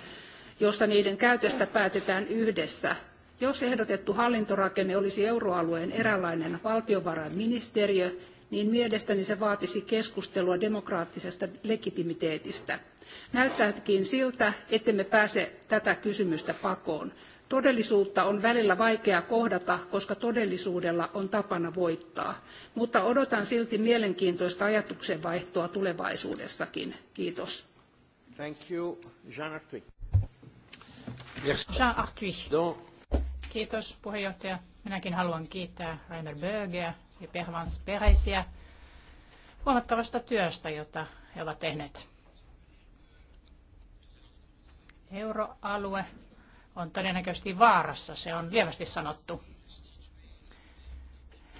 [SPEAKER 3] jossa niiden käytöstä päätetään yhdessä. Jos ehdotettu hallintorakenne olisi euroalueen eräänlainen valtiovarainministeriö, niin mielestäni se vaatisi keskustelua demokraattisesta legitimiteetistä. Näyttääkin siltä, ettemme pääse tätä kysymystä pakoon. Todellisuutta on välillä vaikea kohdata, koska todellisuudella on tapana voittaa. Mutta odotan silti mielenkiintoista ajatuksenvaihtoa tulevaisuudessakin. Kiitos.
[SPEAKER 4] Thank you. Jean Arthuis.
[SPEAKER 3] Yes. Jean
[SPEAKER 1] Arthuis. Kiitos puheenjohtaja. Minäkin haluan kiittää Rainer Bögeä ja Pervans Peresiä huomattavasta työstä, jota he ovat tehneet. Euroalue on todennäköisesti vaarassa, se on lievästi sanottu.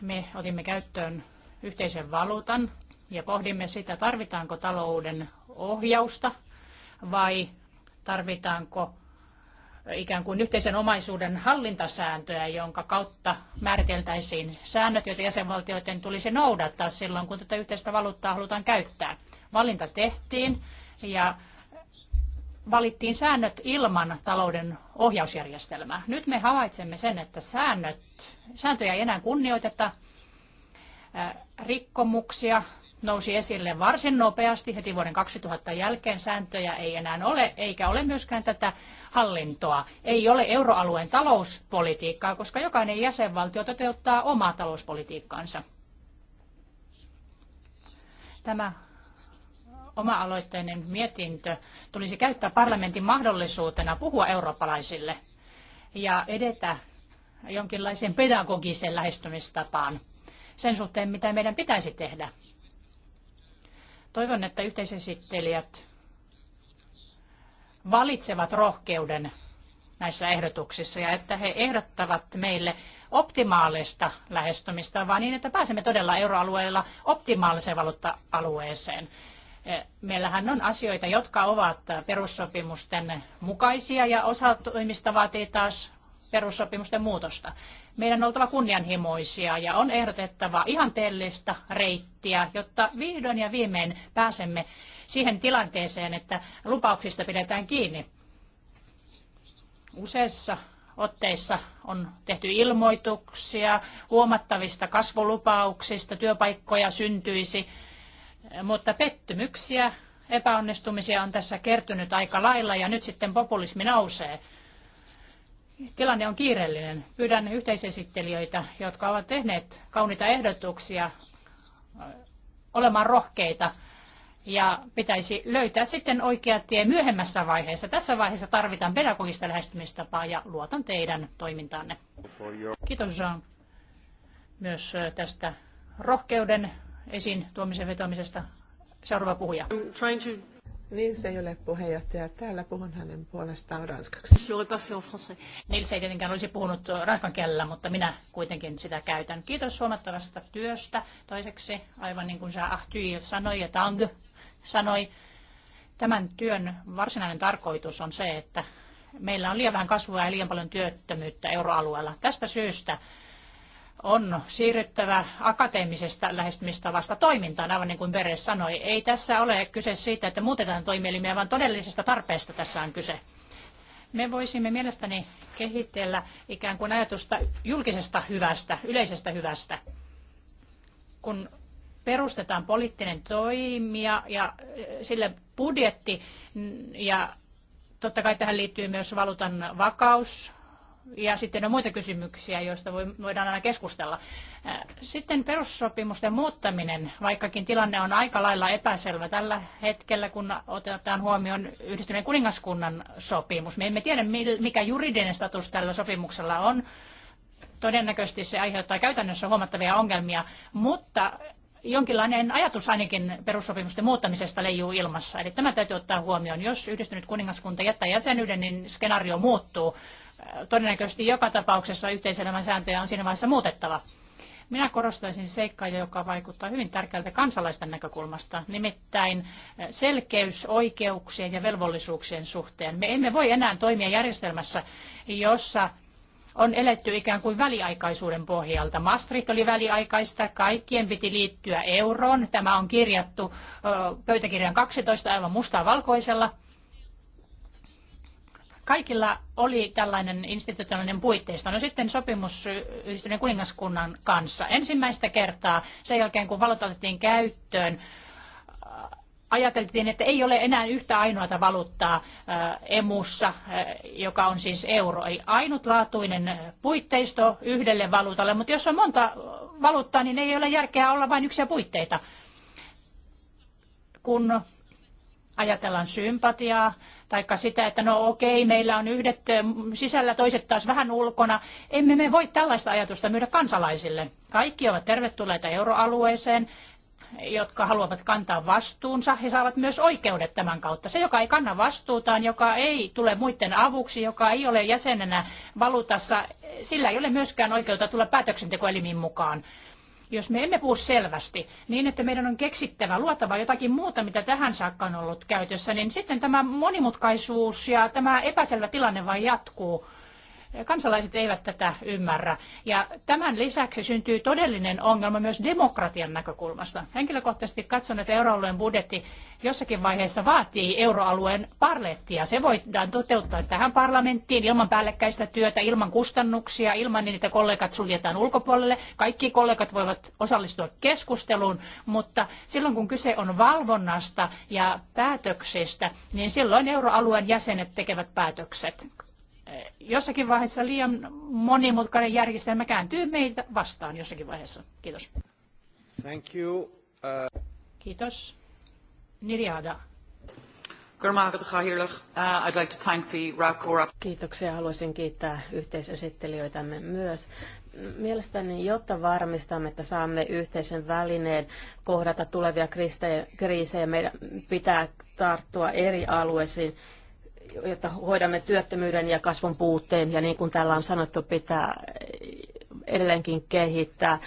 [SPEAKER 1] Me otimme käyttöön yhteisen valuutan ja pohdimme sitä, tarvitaanko talouden ohjausta vai tarvitaanko ikään kuin yhteisen omaisuuden hallintasääntöä, jonka kautta määriteltäisiin säännöt, joita jäsenvaltioiden tulisi noudattaa silloin, kun tätä yhteistä valuuttaa halutaan käyttää. Valinta tehtiin ja valittiin säännöt ilman talouden ohjausjärjestelmää. Nyt me havaitsemme sen, että säännöt, sääntöjä ei enää kunnioiteta. Äh, rikkomuksia nousi esille varsin nopeasti heti vuoden 2000 jälkeen. Sääntöjä ei enää ole, eikä ole myöskään tätä hallintoa. Ei ole euroalueen talouspolitiikkaa, koska jokainen jäsenvaltio toteuttaa omaa talouspolitiikkaansa. Tämä oma-aloitteinen mietintö tulisi käyttää parlamentin mahdollisuutena puhua eurooppalaisille ja edetä jonkinlaiseen pedagogiseen lähestymistapaan sen suhteen, mitä meidän pitäisi tehdä. Toivon, että yhteisesittelijät valitsevat rohkeuden näissä ehdotuksissa ja että he ehdottavat meille optimaalista lähestymistä, vaan niin, että pääsemme todella euroalueella optimaaliseen valuutta-alueeseen. Eh, meillähän on asioita, jotka ovat perussopimusten mukaisia ja osa toimista vaatii taas perussopimusten muutosta. Meidän on oltava kunnianhimoisia ja on ehdotettava ihanteellista reittiä, jotta vihdoin ja viimein pääsemme siihen tilanteeseen, että lupauksista pidetään kiinni. Useissa otteissa on tehty ilmoituksia huomattavista kasvulupauksista, työpaikkoja syntyisi mutta pettymyksiä, epäonnistumisia on tässä kertynyt aika lailla ja nyt sitten populismi nousee. Tilanne on kiireellinen. Pyydän yhteisesittelijöitä, jotka ovat tehneet kauniita ehdotuksia, olemaan rohkeita ja pitäisi löytää sitten oikea tie myöhemmässä vaiheessa. Tässä vaiheessa tarvitaan pedagogista lähestymistapaa ja luotan teidän toimintaanne. Kiitos Jean myös tästä rohkeuden esiin tuomisen vetämisestä.
[SPEAKER 2] Seuraava puhuja. Niin se ei ole puheenjohtaja. Täällä puhun hänen puolestaan ranskaksi.
[SPEAKER 1] Nils ei tietenkään olisi puhunut ranskan kielellä, mutta minä kuitenkin sitä käytän. Kiitos huomattavasta työstä. Toiseksi, aivan niin kuin Ahty sanoi ja Tang sanoi, tämän työn varsinainen tarkoitus on se, että meillä on liian vähän kasvua ja liian paljon työttömyyttä euroalueella. Tästä syystä on siirryttävä akateemisesta lähestymistavasta toimintaan, aivan niin kuin Bere sanoi. Ei tässä ole kyse siitä, että muutetaan toimielimiä, vaan todellisesta tarpeesta tässä on kyse. Me voisimme mielestäni kehitellä ikään kuin ajatusta julkisesta hyvästä, yleisestä hyvästä. Kun perustetaan poliittinen toimija ja eh, sille budjetti ja totta kai tähän liittyy myös valuutan vakaus, ja sitten on muita kysymyksiä, joista voidaan aina keskustella. Sitten perussopimusten muuttaminen, vaikkakin tilanne on aika lailla epäselvä tällä hetkellä, kun otetaan huomioon yhdistyneen kuningaskunnan sopimus. Me emme tiedä, mikä juridinen status tällä sopimuksella on. Todennäköisesti se aiheuttaa käytännössä huomattavia ongelmia, mutta jonkinlainen ajatus ainakin perussopimusten muuttamisesta leijuu ilmassa. Eli tämä täytyy ottaa huomioon. Jos yhdistynyt kuningaskunta jättää jäsenyyden, niin skenaario muuttuu todennäköisesti joka tapauksessa yhteiselämän sääntöjä on siinä vaiheessa muutettava. Minä korostaisin seikkaa, joka vaikuttaa hyvin tärkeältä kansalaisten näkökulmasta, nimittäin eh, selkeys oikeuksien ja velvollisuuksien suhteen. Me emme voi enää toimia järjestelmässä, jossa on eletty ikään kuin väliaikaisuuden pohjalta. Maastricht oli väliaikaista, kaikkien piti liittyä euroon. Tämä on kirjattu pöytäkirjan 12 aivan mustaa valkoisella. Kaikilla oli tällainen institutionaalinen puitteisto. No sitten sopimus yhdistyneen kuningaskunnan kanssa. Ensimmäistä kertaa sen jälkeen, kun valuutta otettiin käyttöön, äh, ajateltiin, että ei ole enää yhtä ainoata valuuttaa äh, emussa, äh, joka on siis euro. Ei ainutlaatuinen puitteisto yhdelle valuutalle, mutta jos on monta valuuttaa, niin ei ole järkeä olla vain yksiä puitteita. Kun ajatellaan sympatiaa, taikka sitä, että no okei, meillä on yhdet sisällä, toiset taas vähän ulkona. Emme me voi tällaista ajatusta myydä kansalaisille. Kaikki ovat tervetulleita euroalueeseen, jotka haluavat kantaa vastuunsa, he saavat myös oikeudet tämän kautta. Se, joka ei kanna vastuutaan, joka ei tule muiden avuksi, joka ei ole jäsenenä valuutassa, sillä ei ole myöskään oikeutta tulla päätöksentekoelimiin mukaan jos me emme puhu selvästi, niin että meidän on keksittävä, luotava jotakin muuta, mitä tähän saakka on ollut käytössä, niin sitten tämä monimutkaisuus ja tämä epäselvä tilanne vain jatkuu. Kansalaiset eivät tätä ymmärrä. Ja tämän lisäksi syntyy todellinen ongelma myös demokratian näkökulmasta. Henkilökohtaisesti katson, että euroalueen budjetti jossakin vaiheessa vaatii euroalueen parlettia. Se voidaan toteuttaa tähän parlamenttiin ilman päällekkäistä työtä, ilman kustannuksia, ilman niitä kollegat suljetaan ulkopuolelle. Kaikki kollegat voivat osallistua keskusteluun, mutta silloin kun kyse on valvonnasta ja päätöksistä, niin silloin euroalueen jäsenet tekevät päätökset jossakin vaiheessa liian monimutkainen järjestelmä kääntyy meiltä vastaan jossakin vaiheessa. Kiitos. Thank you. Uh... Kiitos.
[SPEAKER 4] Niriada. Uh, Kiitoksia. Haluaisin kiittää yhteisesittelijöitämme myös. Mielestäni, jotta varmistamme, että saamme yhteisen välineen kohdata tulevia kriisejä, meidän pitää tarttua eri alueisiin jotta hoidamme työttömyyden ja kasvun puutteen. Ja niin kuin täällä on sanottu, pitää edelleenkin kehittää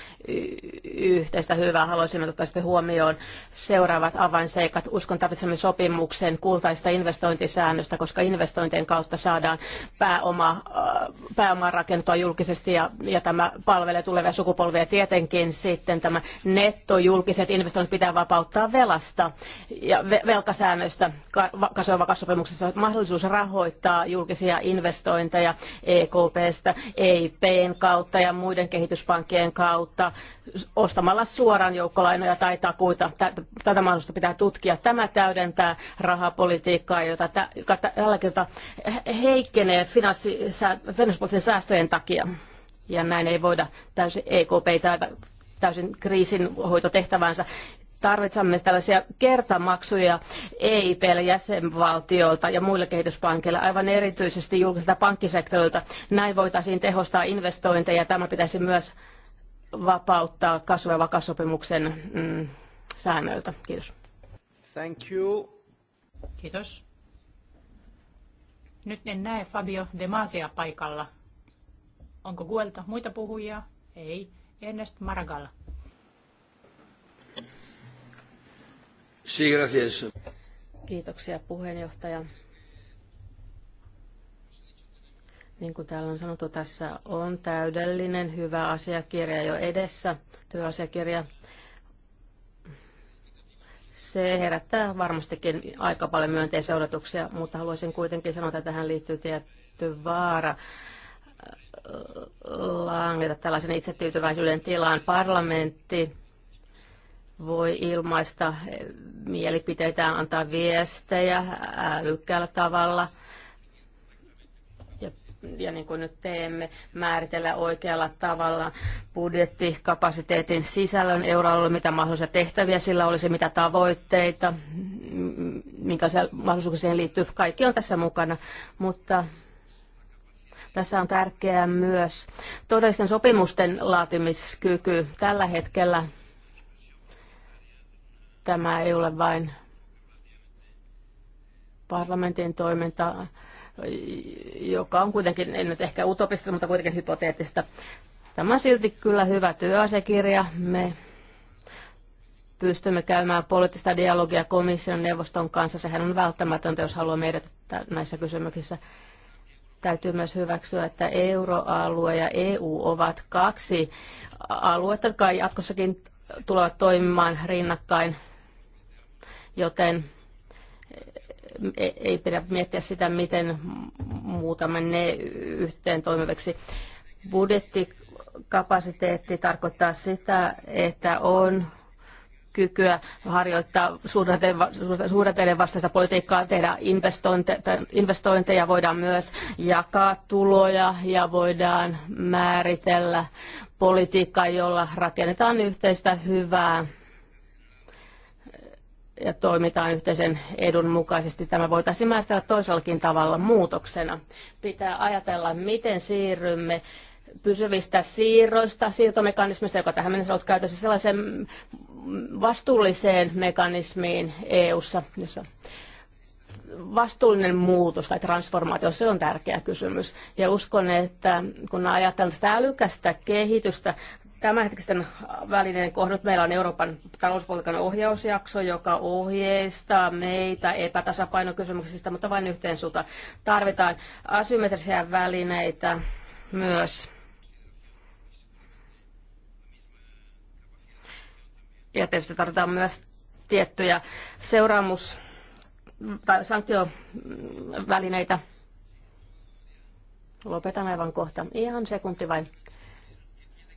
[SPEAKER 4] yhteistä hyvää. Haluaisin ottaa sitten huomioon seuraavat avainseikat. Uskon tarvitsemme sopimuksen kultaista investointisäännöstä, koska investointien kautta saadaan pääoma, äh, pääomaa rakentua julkisesti ja, ja tämä palvelee tulevia sukupolvia. Tietenkin sitten tämä nettojulkiset investoinnit pitää vapauttaa velasta ja ve- velkasäännöistä kasvavakassopimuksessa mahdollisuus rahoittaa julkisia investointeja EKPstä, EIPn kautta ja ja muiden kehityspankkien kautta ostamalla suoraan joukkolainoja tai takuita. Tätä mahdollisuutta pitää tutkia. Tämä täydentää rahapolitiikkaa, jota tällä kertaa heikkenee finanssipoliittisen säästöjen takia. Ja näin ei voida täysin EKP täysin kriisin hoitotehtävänsä tarvitsemme tällaisia kertamaksuja EIPlle jäsenvaltioilta ja muille kehityspankille, aivan erityisesti julkiselta pankkisektorilta. Näin voitaisiin tehostaa investointeja ja tämä pitäisi myös vapauttaa kasvu- ja vakaussopimuksen mm, säännöiltä. Kiitos.
[SPEAKER 1] Thank you. Kiitos. Nyt en näe Fabio De Masia paikalla. Onko Guelta muita puhujia? Ei. Ernest Maragalla.
[SPEAKER 3] Sí, gracias.
[SPEAKER 4] Kiitoksia puheenjohtaja. Niin kuin täällä on sanottu, tässä on täydellinen hyvä asiakirja jo edessä, työasiakirja. Se herättää varmastikin aika paljon myönteisiä odotuksia, mutta haluaisin kuitenkin sanoa, että tähän liittyy tietty vaara äh, langeta tällaisen itsetyytyväisyyden tilaan. Parlamentti voi ilmaista mielipiteitään, antaa viestejä älykkäällä tavalla ja, ja niin kuin nyt teemme, määritellä oikealla tavalla budjettikapasiteetin sisällön euroalueella, mitä mahdollisia tehtäviä sillä olisi, mitä tavoitteita, minkä mahdollisuuksia siihen liittyy. Kaikki on tässä mukana, mutta tässä on tärkeää myös todellisten sopimusten laatimiskyky. Tällä hetkellä Tämä ei ole vain parlamentin toiminta, joka on kuitenkin, en nyt ehkä utopista, mutta kuitenkin hypoteettista. Tämä on silti kyllä hyvä työasiakirja. Me pystymme käymään poliittista dialogia komission neuvoston kanssa. Sehän on välttämätöntä, jos haluaa meidät näissä kysymyksissä. Täytyy myös hyväksyä, että euroalue ja EU ovat kaksi aluetta, jotka jatkossakin tulevat toimimaan rinnakkain joten e, e, ei pidä miettiä sitä, miten muutamme ne yhteen toimiveksi. Budjettikapasiteetti tarkoittaa sitä, että on kykyä harjoittaa suhdanteiden vastaista politiikkaa, tehdä investointeja, voidaan myös jakaa tuloja ja voidaan määritellä politiikkaa, jolla rakennetaan yhteistä hyvää ja toimitaan yhteisen edun mukaisesti. Tämä voitaisiin määritellä toisellakin tavalla muutoksena. Pitää ajatella, miten siirrymme pysyvistä siirroista, siirtomekanismista, joka tähän mennessä on ollut käytössä sellaiseen vastuulliseen mekanismiin EU-ssa, jossa vastuullinen muutos tai transformaatio, se on tärkeä kysymys. Ja uskon, että kun ajatellaan sitä älykästä kehitystä tämänhetkisten välineen kohdat. Meillä on Euroopan talouspolitiikan ohjausjakso, joka ohjeistaa meitä epätasapainokysymyksistä, mutta vain yhteen suuntaan. Tarvitaan asymmetrisiä välineitä myös. Ja tietysti tarvitaan myös tiettyjä seuraamus- tai sanktiovälineitä. Lopetan aivan kohta. Ihan sekunti vain.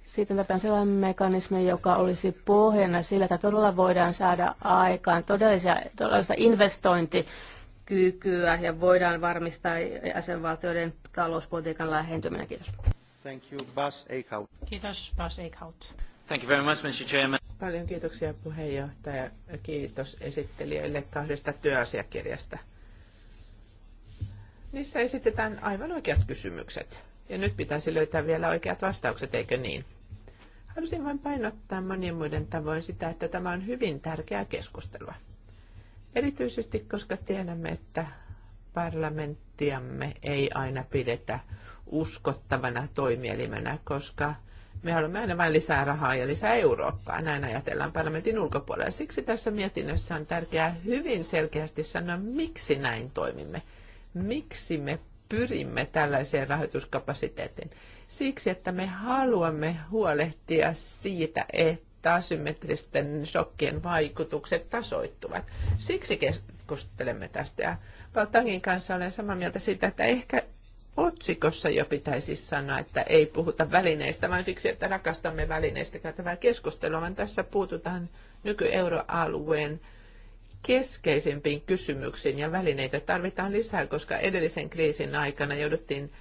[SPEAKER 4] Sitten tarvitaan sellainen mekanismi, joka olisi pohjana sillä, että todella voidaan saada aikaan todellisia, todellista investointikykyä ja voidaan varmistaa jäsenvaltioiden talouspolitiikan lähentyminen. Kiitos.
[SPEAKER 2] Thank you, Bas Eichhout.
[SPEAKER 4] Kiitos, Bas Eichhout.
[SPEAKER 2] Thank you very much, Mr. Chairman.
[SPEAKER 4] Paljon kiitoksia puheenjohtaja. Kiitos
[SPEAKER 2] esittelijöille kahdesta työasiakirjasta. Niissä esitetään aivan oikeat kysymykset. Ja nyt pitäisi löytää vielä oikeat vastaukset, eikö niin? Halusin vain painottaa monien muiden tavoin sitä, että tämä on hyvin tärkeää keskustelua. Erityisesti, koska tiedämme, että parlamenttiamme ei aina pidetä uskottavana toimielimenä, koska me haluamme aina vain lisää rahaa ja lisää Eurooppaa. Näin ajatellaan parlamentin ulkopuolella. Siksi tässä mietinnössä on tärkeää hyvin selkeästi sanoa, miksi näin toimimme. Miksi me pyrimme tällaiseen rahoituskapasiteettiin? Siksi, että me haluamme huolehtia siitä, että asymmetristen shokkien vaikutukset tasoittuvat. Siksi keskustelemme tästä. Ja Valtangin kanssa olen samaa mieltä siitä, että ehkä otsikossa jo pitäisi sanoa, että ei puhuta välineistä, vaan siksi, että rakastamme välineistä käytävää keskustelua, vaan tässä puututaan nykyeuroalueen euroalueen keskeisimpiin kysymyksiin ja välineitä tarvitaan lisää, koska edellisen kriisin aikana jouduttiin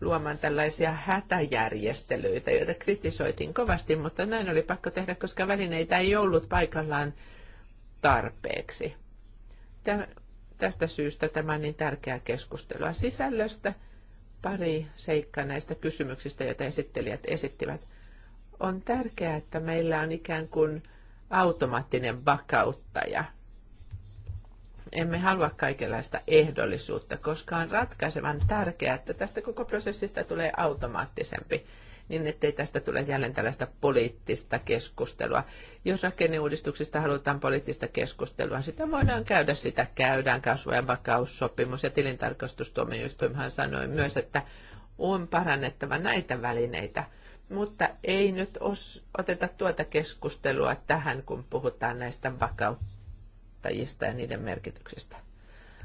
[SPEAKER 2] luomaan tällaisia hätäjärjestelyitä, joita kritisoitiin kovasti, mutta näin oli pakko tehdä, koska välineitä ei ollut paikallaan tarpeeksi. Tämä Tästä syystä tämä on niin tärkeää keskustelua sisällöstä. Pari seikkaa näistä kysymyksistä, joita esittelijät esittivät. On tärkeää, että meillä on ikään kuin automaattinen vakauttaja – emme halua kaikenlaista ehdollisuutta, koska on ratkaisevan tärkeää, että tästä koko prosessista tulee automaattisempi, niin ettei tästä tule jälleen tällaista poliittista keskustelua. Jos rakenneuudistuksista halutaan poliittista keskustelua, sitä voidaan käydä, sitä käydään. Kasvu- ja vakaussopimus ja tilintarkastustuomioistuimhan sanoi myös, että on parannettava näitä välineitä – mutta ei nyt os, oteta tuota keskustelua tähän, kun puhutaan näistä vakautta opettajista ja niiden merkityksestä.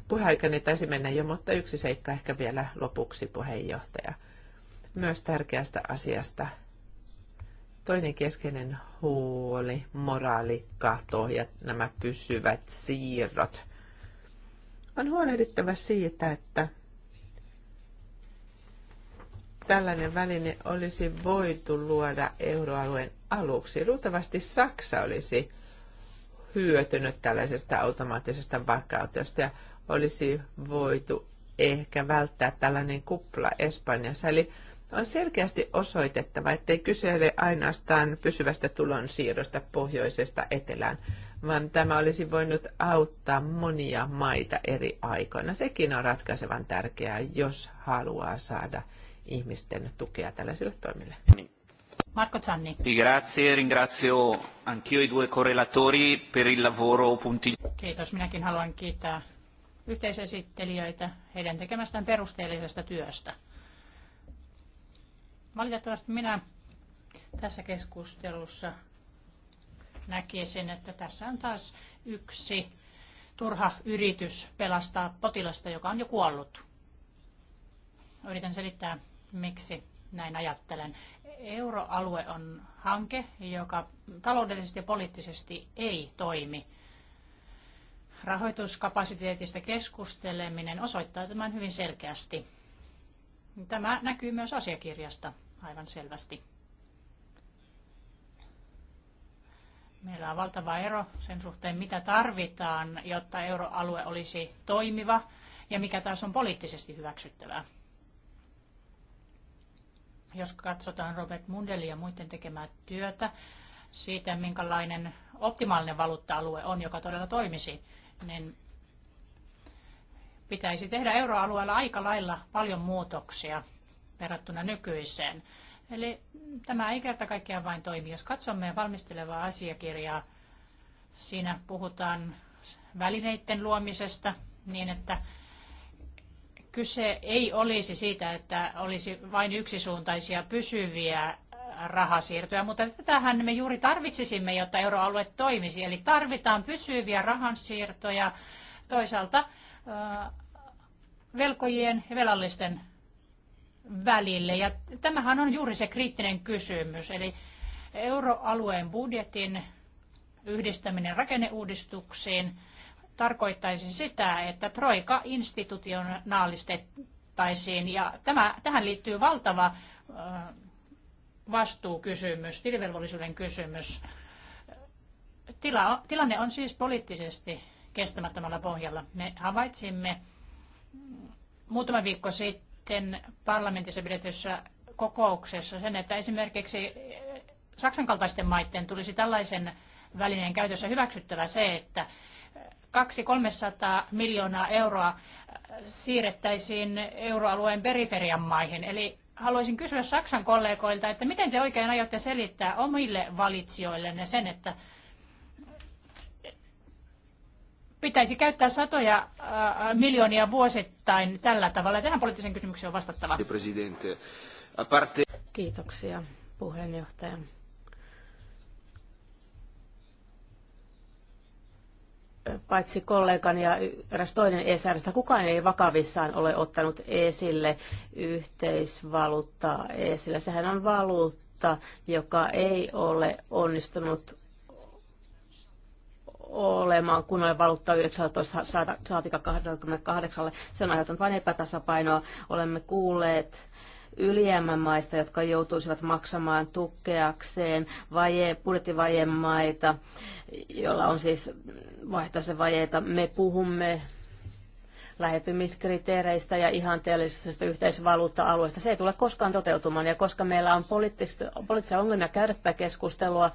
[SPEAKER 2] Puheaikani taisi mennä jo, mutta yksi seikka ehkä vielä lopuksi, puheenjohtaja. Myös tärkeästä asiasta. Toinen keskeinen huoli, moraalikato ja nämä pysyvät siirrot. On huolehdittava siitä, että tällainen väline olisi voitu luoda euroalueen aluksi. Luultavasti Saksa olisi hyötynyt tällaisesta automaattisesta vakautusta ja olisi voitu ehkä välttää tällainen kupla Espanjassa. Eli on selkeästi osoitettava, ettei kyse ole ainoastaan pysyvästä tulonsiirrosta pohjoisesta etelään, vaan tämä olisi voinut auttaa monia maita eri aikoina. Sekin on ratkaisevan tärkeää, jos haluaa saada ihmisten tukea tällaisille toimille. Niin. Marco Sì, Grazie, ringrazio anch'io i due correlatori per il lavoro puntiglio.
[SPEAKER 1] Kiitos, minäkin haluan kiittää yhteisesittelijöitä heidän tekemästään perusteellisesta työstä. Valitettavasti minä tässä keskustelussa näkisin, että tässä on taas yksi turha yritys pelastaa potilasta, joka on jo kuollut. Yritän selittää, miksi näin ajattelen. Euroalue on hanke, joka taloudellisesti ja poliittisesti ei toimi. Rahoituskapasiteetista keskusteleminen osoittaa tämän hyvin selkeästi. Tämä näkyy myös asiakirjasta aivan selvästi. Meillä on valtava ero sen suhteen, mitä tarvitaan, jotta euroalue olisi toimiva ja mikä taas on poliittisesti hyväksyttävää. Jos katsotaan Robert Mundelin ja muiden tekemää työtä siitä, minkälainen optimaalinen valuutta-alue on, joka todella toimisi, niin pitäisi tehdä euroalueella aika lailla paljon muutoksia verrattuna nykyiseen. Eli tämä ei kerta kaikkiaan vain toimi. Jos katsomme valmistelevaa asiakirjaa, siinä puhutaan välineiden luomisesta niin, että kyse ei olisi siitä, että olisi vain yksisuuntaisia pysyviä äh, rahasiirtoja, mutta tätähän me juuri tarvitsisimme, jotta euroalue toimisi. Eli tarvitaan pysyviä rahansiirtoja toisaalta äh, velkojien ja velallisten välille. Ja tämähän on juuri se kriittinen kysymys, eli euroalueen budjetin yhdistäminen rakenneuudistuksiin – tarkoittaisi sitä, että Troika institutionaalistettaisiin. Ja tämä, tähän liittyy valtava vastuukysymys, tilivelvollisuuden kysymys. Tila, tilanne on siis poliittisesti kestämättömällä pohjalla. Me havaitsimme muutama viikko sitten parlamentissa pidetyssä kokouksessa sen, että esimerkiksi Saksan kaltaisten maiden tulisi tällaisen välineen käytössä hyväksyttävä se, että 200-300 miljoonaa euroa siirrettäisiin euroalueen periferian maihin. Eli haluaisin kysyä Saksan kollegoilta, että miten te oikein aiotte selittää omille valitsijoillenne sen, että pitäisi käyttää satoja äh, miljoonia vuosittain tällä tavalla. Tähän poliittisen kysymykseen
[SPEAKER 4] on vastattava. Kiitoksia puheenjohtaja. paitsi kollegan ja eräs toinen ESRstä, kukaan ei vakavissaan ole ottanut esille yhteisvaluuttaa esille. Sehän on valuutta, joka ei ole onnistunut olemaan kunnollinen valuutta 19 saatika 28. Se on aiheuttanut vain epätasapainoa. Olemme kuulleet ylijäämän maista, jotka joutuisivat maksamaan tukeakseen vaje, budjettivajeen maita, jolla on siis vaihtoisen vajeita. Me puhumme lähetymiskriteereistä ja ihanteellisesta yhteisvaluutta-alueesta. Se ei tule koskaan toteutumaan, ja koska meillä on poliittisia ongelmia käydä tätä keskustelua,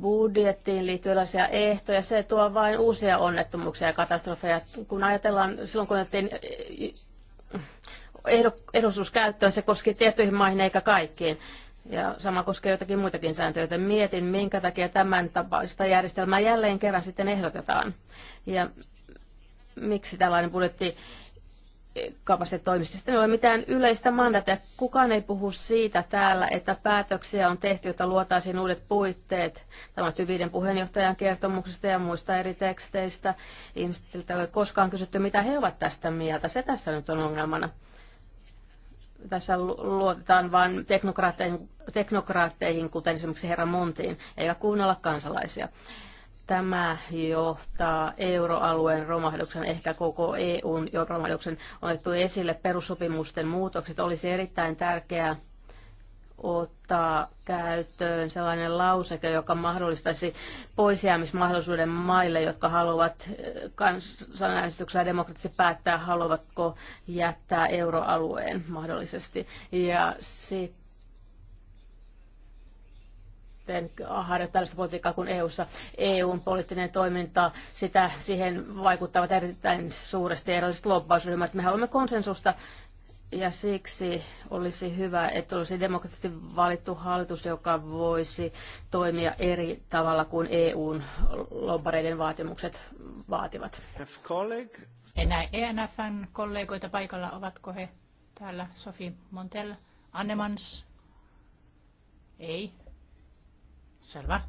[SPEAKER 4] budjettiin liittyy erilaisia ehtoja. Se tuo vain uusia onnettomuuksia ja katastrofeja. Kun ajatellaan, silloin kun otettiin ehdollisuus käyttöön, se koski tiettyihin maihin eikä kaikkiin. Ja sama koskee jotakin muitakin sääntöjä, joten mietin, minkä takia tämän tapaista järjestelmää jälleen kerran sitten ehdotetaan. Ja miksi tällainen budjetti kapasiteettoimista. Sitten ei ole mitään yleistä mandatia. Kukaan ei puhu siitä täällä, että päätöksiä on tehty, jotta luotaisiin uudet puitteet. Tämä on viiden puheenjohtajan kertomuksesta ja muista eri teksteistä. Ihmisiltä ei ole koskaan kysytty, mitä he ovat tästä mieltä. Se tässä nyt on ongelmana tässä luotetaan vain teknokraatteihin, teknokraatteihin, kuten esimerkiksi herra Montiin, eikä kuunnella kansalaisia. Tämä johtaa euroalueen romahduksen, ehkä koko EUn romahduksen otettu esille. Perussopimusten muutokset olisi erittäin tärkeää ottaa käyttöön sellainen lauseke, joka mahdollistaisi poisjäämismahdollisuuden maille, jotka haluavat eh, kansanäänestyksellä demokraattisesti päättää, haluavatko jättää euroalueen mahdollisesti. Ja sitten harjoittaa tällaista politiikkaa kuin EUssa. EUn poliittinen toiminta, sitä siihen vaikuttavat erittäin suuresti erilaiset lobbausryhmät. Me haluamme konsensusta ja siksi olisi hyvä, että olisi demokraattisesti valittu hallitus, joka voisi toimia eri tavalla kuin EUn lobbareiden vaatimukset vaativat.
[SPEAKER 1] Enää ENFn kollegoita paikalla, ovatko he täällä? Sofi Montel, Annemans? Ei. Selvä.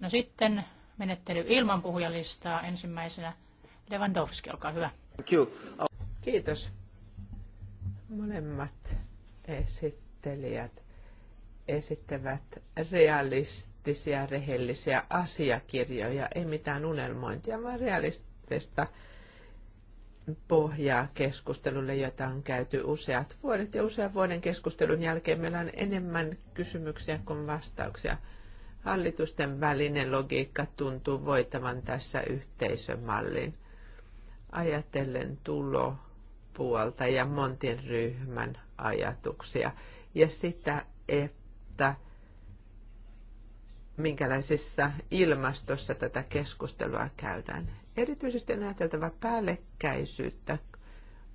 [SPEAKER 1] No sitten menettely ilman puhujalistaa
[SPEAKER 2] ensimmäisenä. Lewandowski, olkaa hyvä. Kiitos. Molemmat esittelijät esittävät realistisia, rehellisiä asiakirjoja, ei mitään unelmointia, vaan realistista pohjaa keskustelulle, jota on käyty useat vuodet. Ja usean vuoden keskustelun jälkeen meillä on enemmän kysymyksiä kuin vastauksia. Hallitusten välinen logiikka tuntuu voitavan tässä yhteisömallin. Ajatellen tulo puolta ja Montin ryhmän ajatuksia ja sitä, että minkälaisessa ilmastossa tätä keskustelua käydään. Erityisesti on ajateltava päällekkäisyyttä.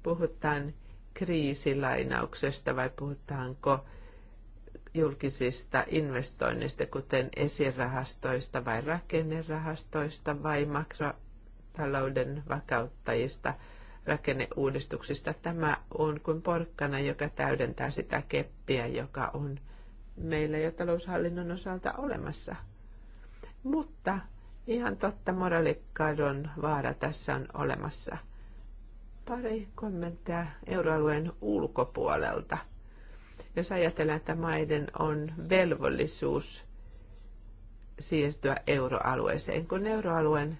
[SPEAKER 2] Puhutaan kriisilainauksesta vai puhutaanko julkisista investoinnista, kuten esirahastoista vai rakennerahastoista vai makrotalouden vakauttajista – rakenneuudistuksista. Tämä on kuin porkkana, joka täydentää sitä keppiä, joka on meillä jo taloushallinnon osalta olemassa. Mutta ihan totta, moraalikadon vaara tässä on olemassa. Pari kommenttia euroalueen ulkopuolelta. Jos ajatellaan, että maiden on velvollisuus siirtyä euroalueeseen, kun euroalueen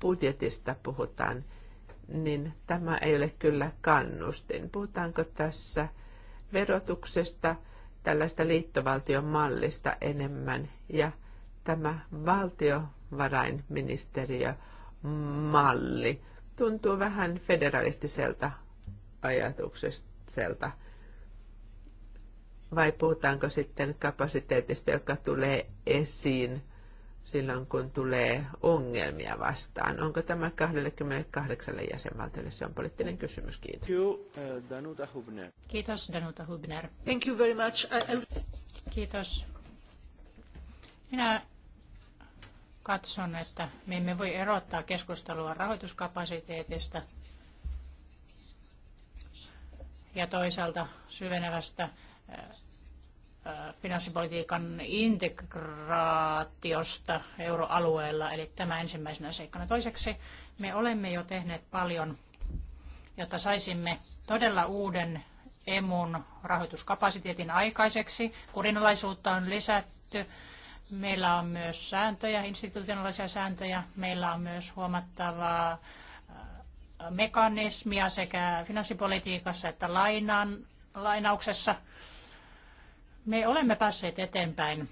[SPEAKER 2] budjetista puhutaan – niin tämä ei ole kyllä kannustin. Puhutaanko tässä verotuksesta, tällaista liittovaltion mallista enemmän ja tämä valtiovarainministeriö malli tuntuu vähän federalistiselta ajatukselta. Vai puhutaanko sitten kapasiteetista, joka tulee esiin – silloin, kun tulee ongelmia vastaan. Onko tämä 28 jäsenvaltiolle? Se on poliittinen kysymys. Kiitos. Uh, Danuta Hubner.
[SPEAKER 1] Kiitos, Danuta Hubner. Thank you very much. I... Kiitos. Minä katson, että me emme voi erottaa keskustelua rahoituskapasiteetista ja toisaalta syvenevästä Äh, finanssipolitiikan integraatiosta euroalueella, eli tämä ensimmäisenä seikkana. Toiseksi me olemme jo tehneet paljon, jotta saisimme todella uuden emun rahoituskapasiteetin aikaiseksi. Kurinalaisuutta on lisätty. Meillä on myös sääntöjä, institutionaalisia sääntöjä. Meillä on myös huomattavaa äh, mekanismia sekä finanssipolitiikassa että lainaan, lainauksessa – me olemme päässeet eteenpäin,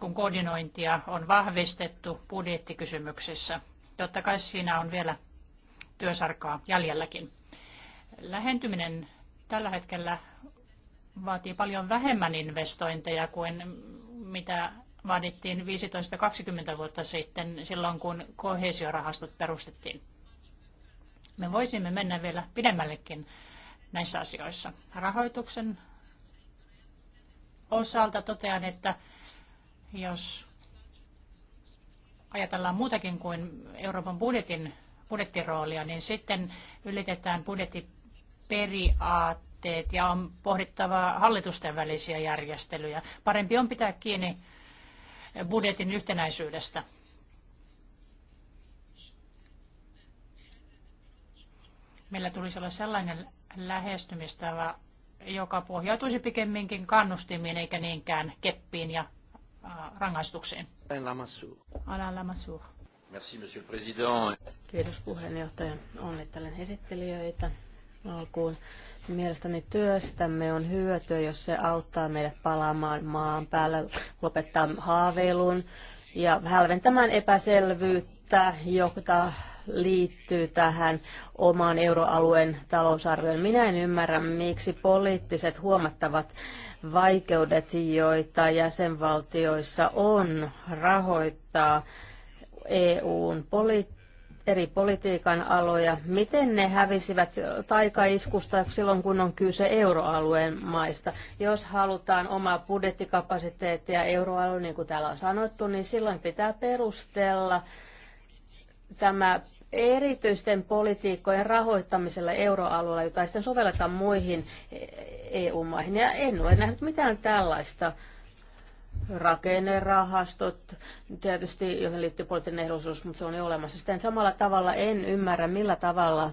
[SPEAKER 1] kun koordinointia on vahvistettu budjettikysymyksissä. Totta kai siinä on vielä työsarkaa jäljelläkin. Lähentyminen tällä hetkellä vaatii paljon vähemmän investointeja kuin mitä vaadittiin 15-20 vuotta sitten, silloin kun kohesiorahastot perustettiin. Me voisimme mennä vielä pidemmällekin näissä asioissa. Rahoituksen osalta totean, että jos ajatellaan muutakin kuin Euroopan budjetin, budjettiroolia, niin sitten ylitetään budjettiperiaatteet ja on pohdittava hallitusten välisiä järjestelyjä. Parempi on pitää kiinni budjetin yhtenäisyydestä. Meillä tulisi olla sellainen lähestymistapa, joka pohjautuisi pikemminkin kannustimiin eikä niinkään keppiin ja rangaistukseen. Alain lamassu.
[SPEAKER 2] Merci, monsieur le président.
[SPEAKER 4] Kiitos puheenjohtaja. Onnittelen esittelijöitä alkuun. Mielestäni työstämme on hyötyä, jos se auttaa meidät palaamaan maan päälle, lopettaa haaveilun ja hälventämään epäselvyyttä kenttä, joka liittyy tähän omaan euroalueen talousarvioon. Minä en ymmärrä, miksi poliittiset huomattavat vaikeudet, joita jäsenvaltioissa on rahoittaa EUn politiikkaa eri politiikan aloja, miten ne hävisivät taikaiskusta silloin, kun on kyse euroalueen maista. Jos halutaan omaa budjettikapasiteettia euroalueen, niin kuin täällä on sanottu, niin silloin pitää perustella tämä erityisten politiikkojen rahoittamisella euroalueella, jota sitten sovelletaan muihin EU-maihin. Ja en ole nähnyt mitään tällaista. Rakennerahastot, tietysti joihin liittyy poliittinen ehdollisuus, mutta se on jo olemassa. Sitten samalla tavalla en ymmärrä, millä tavalla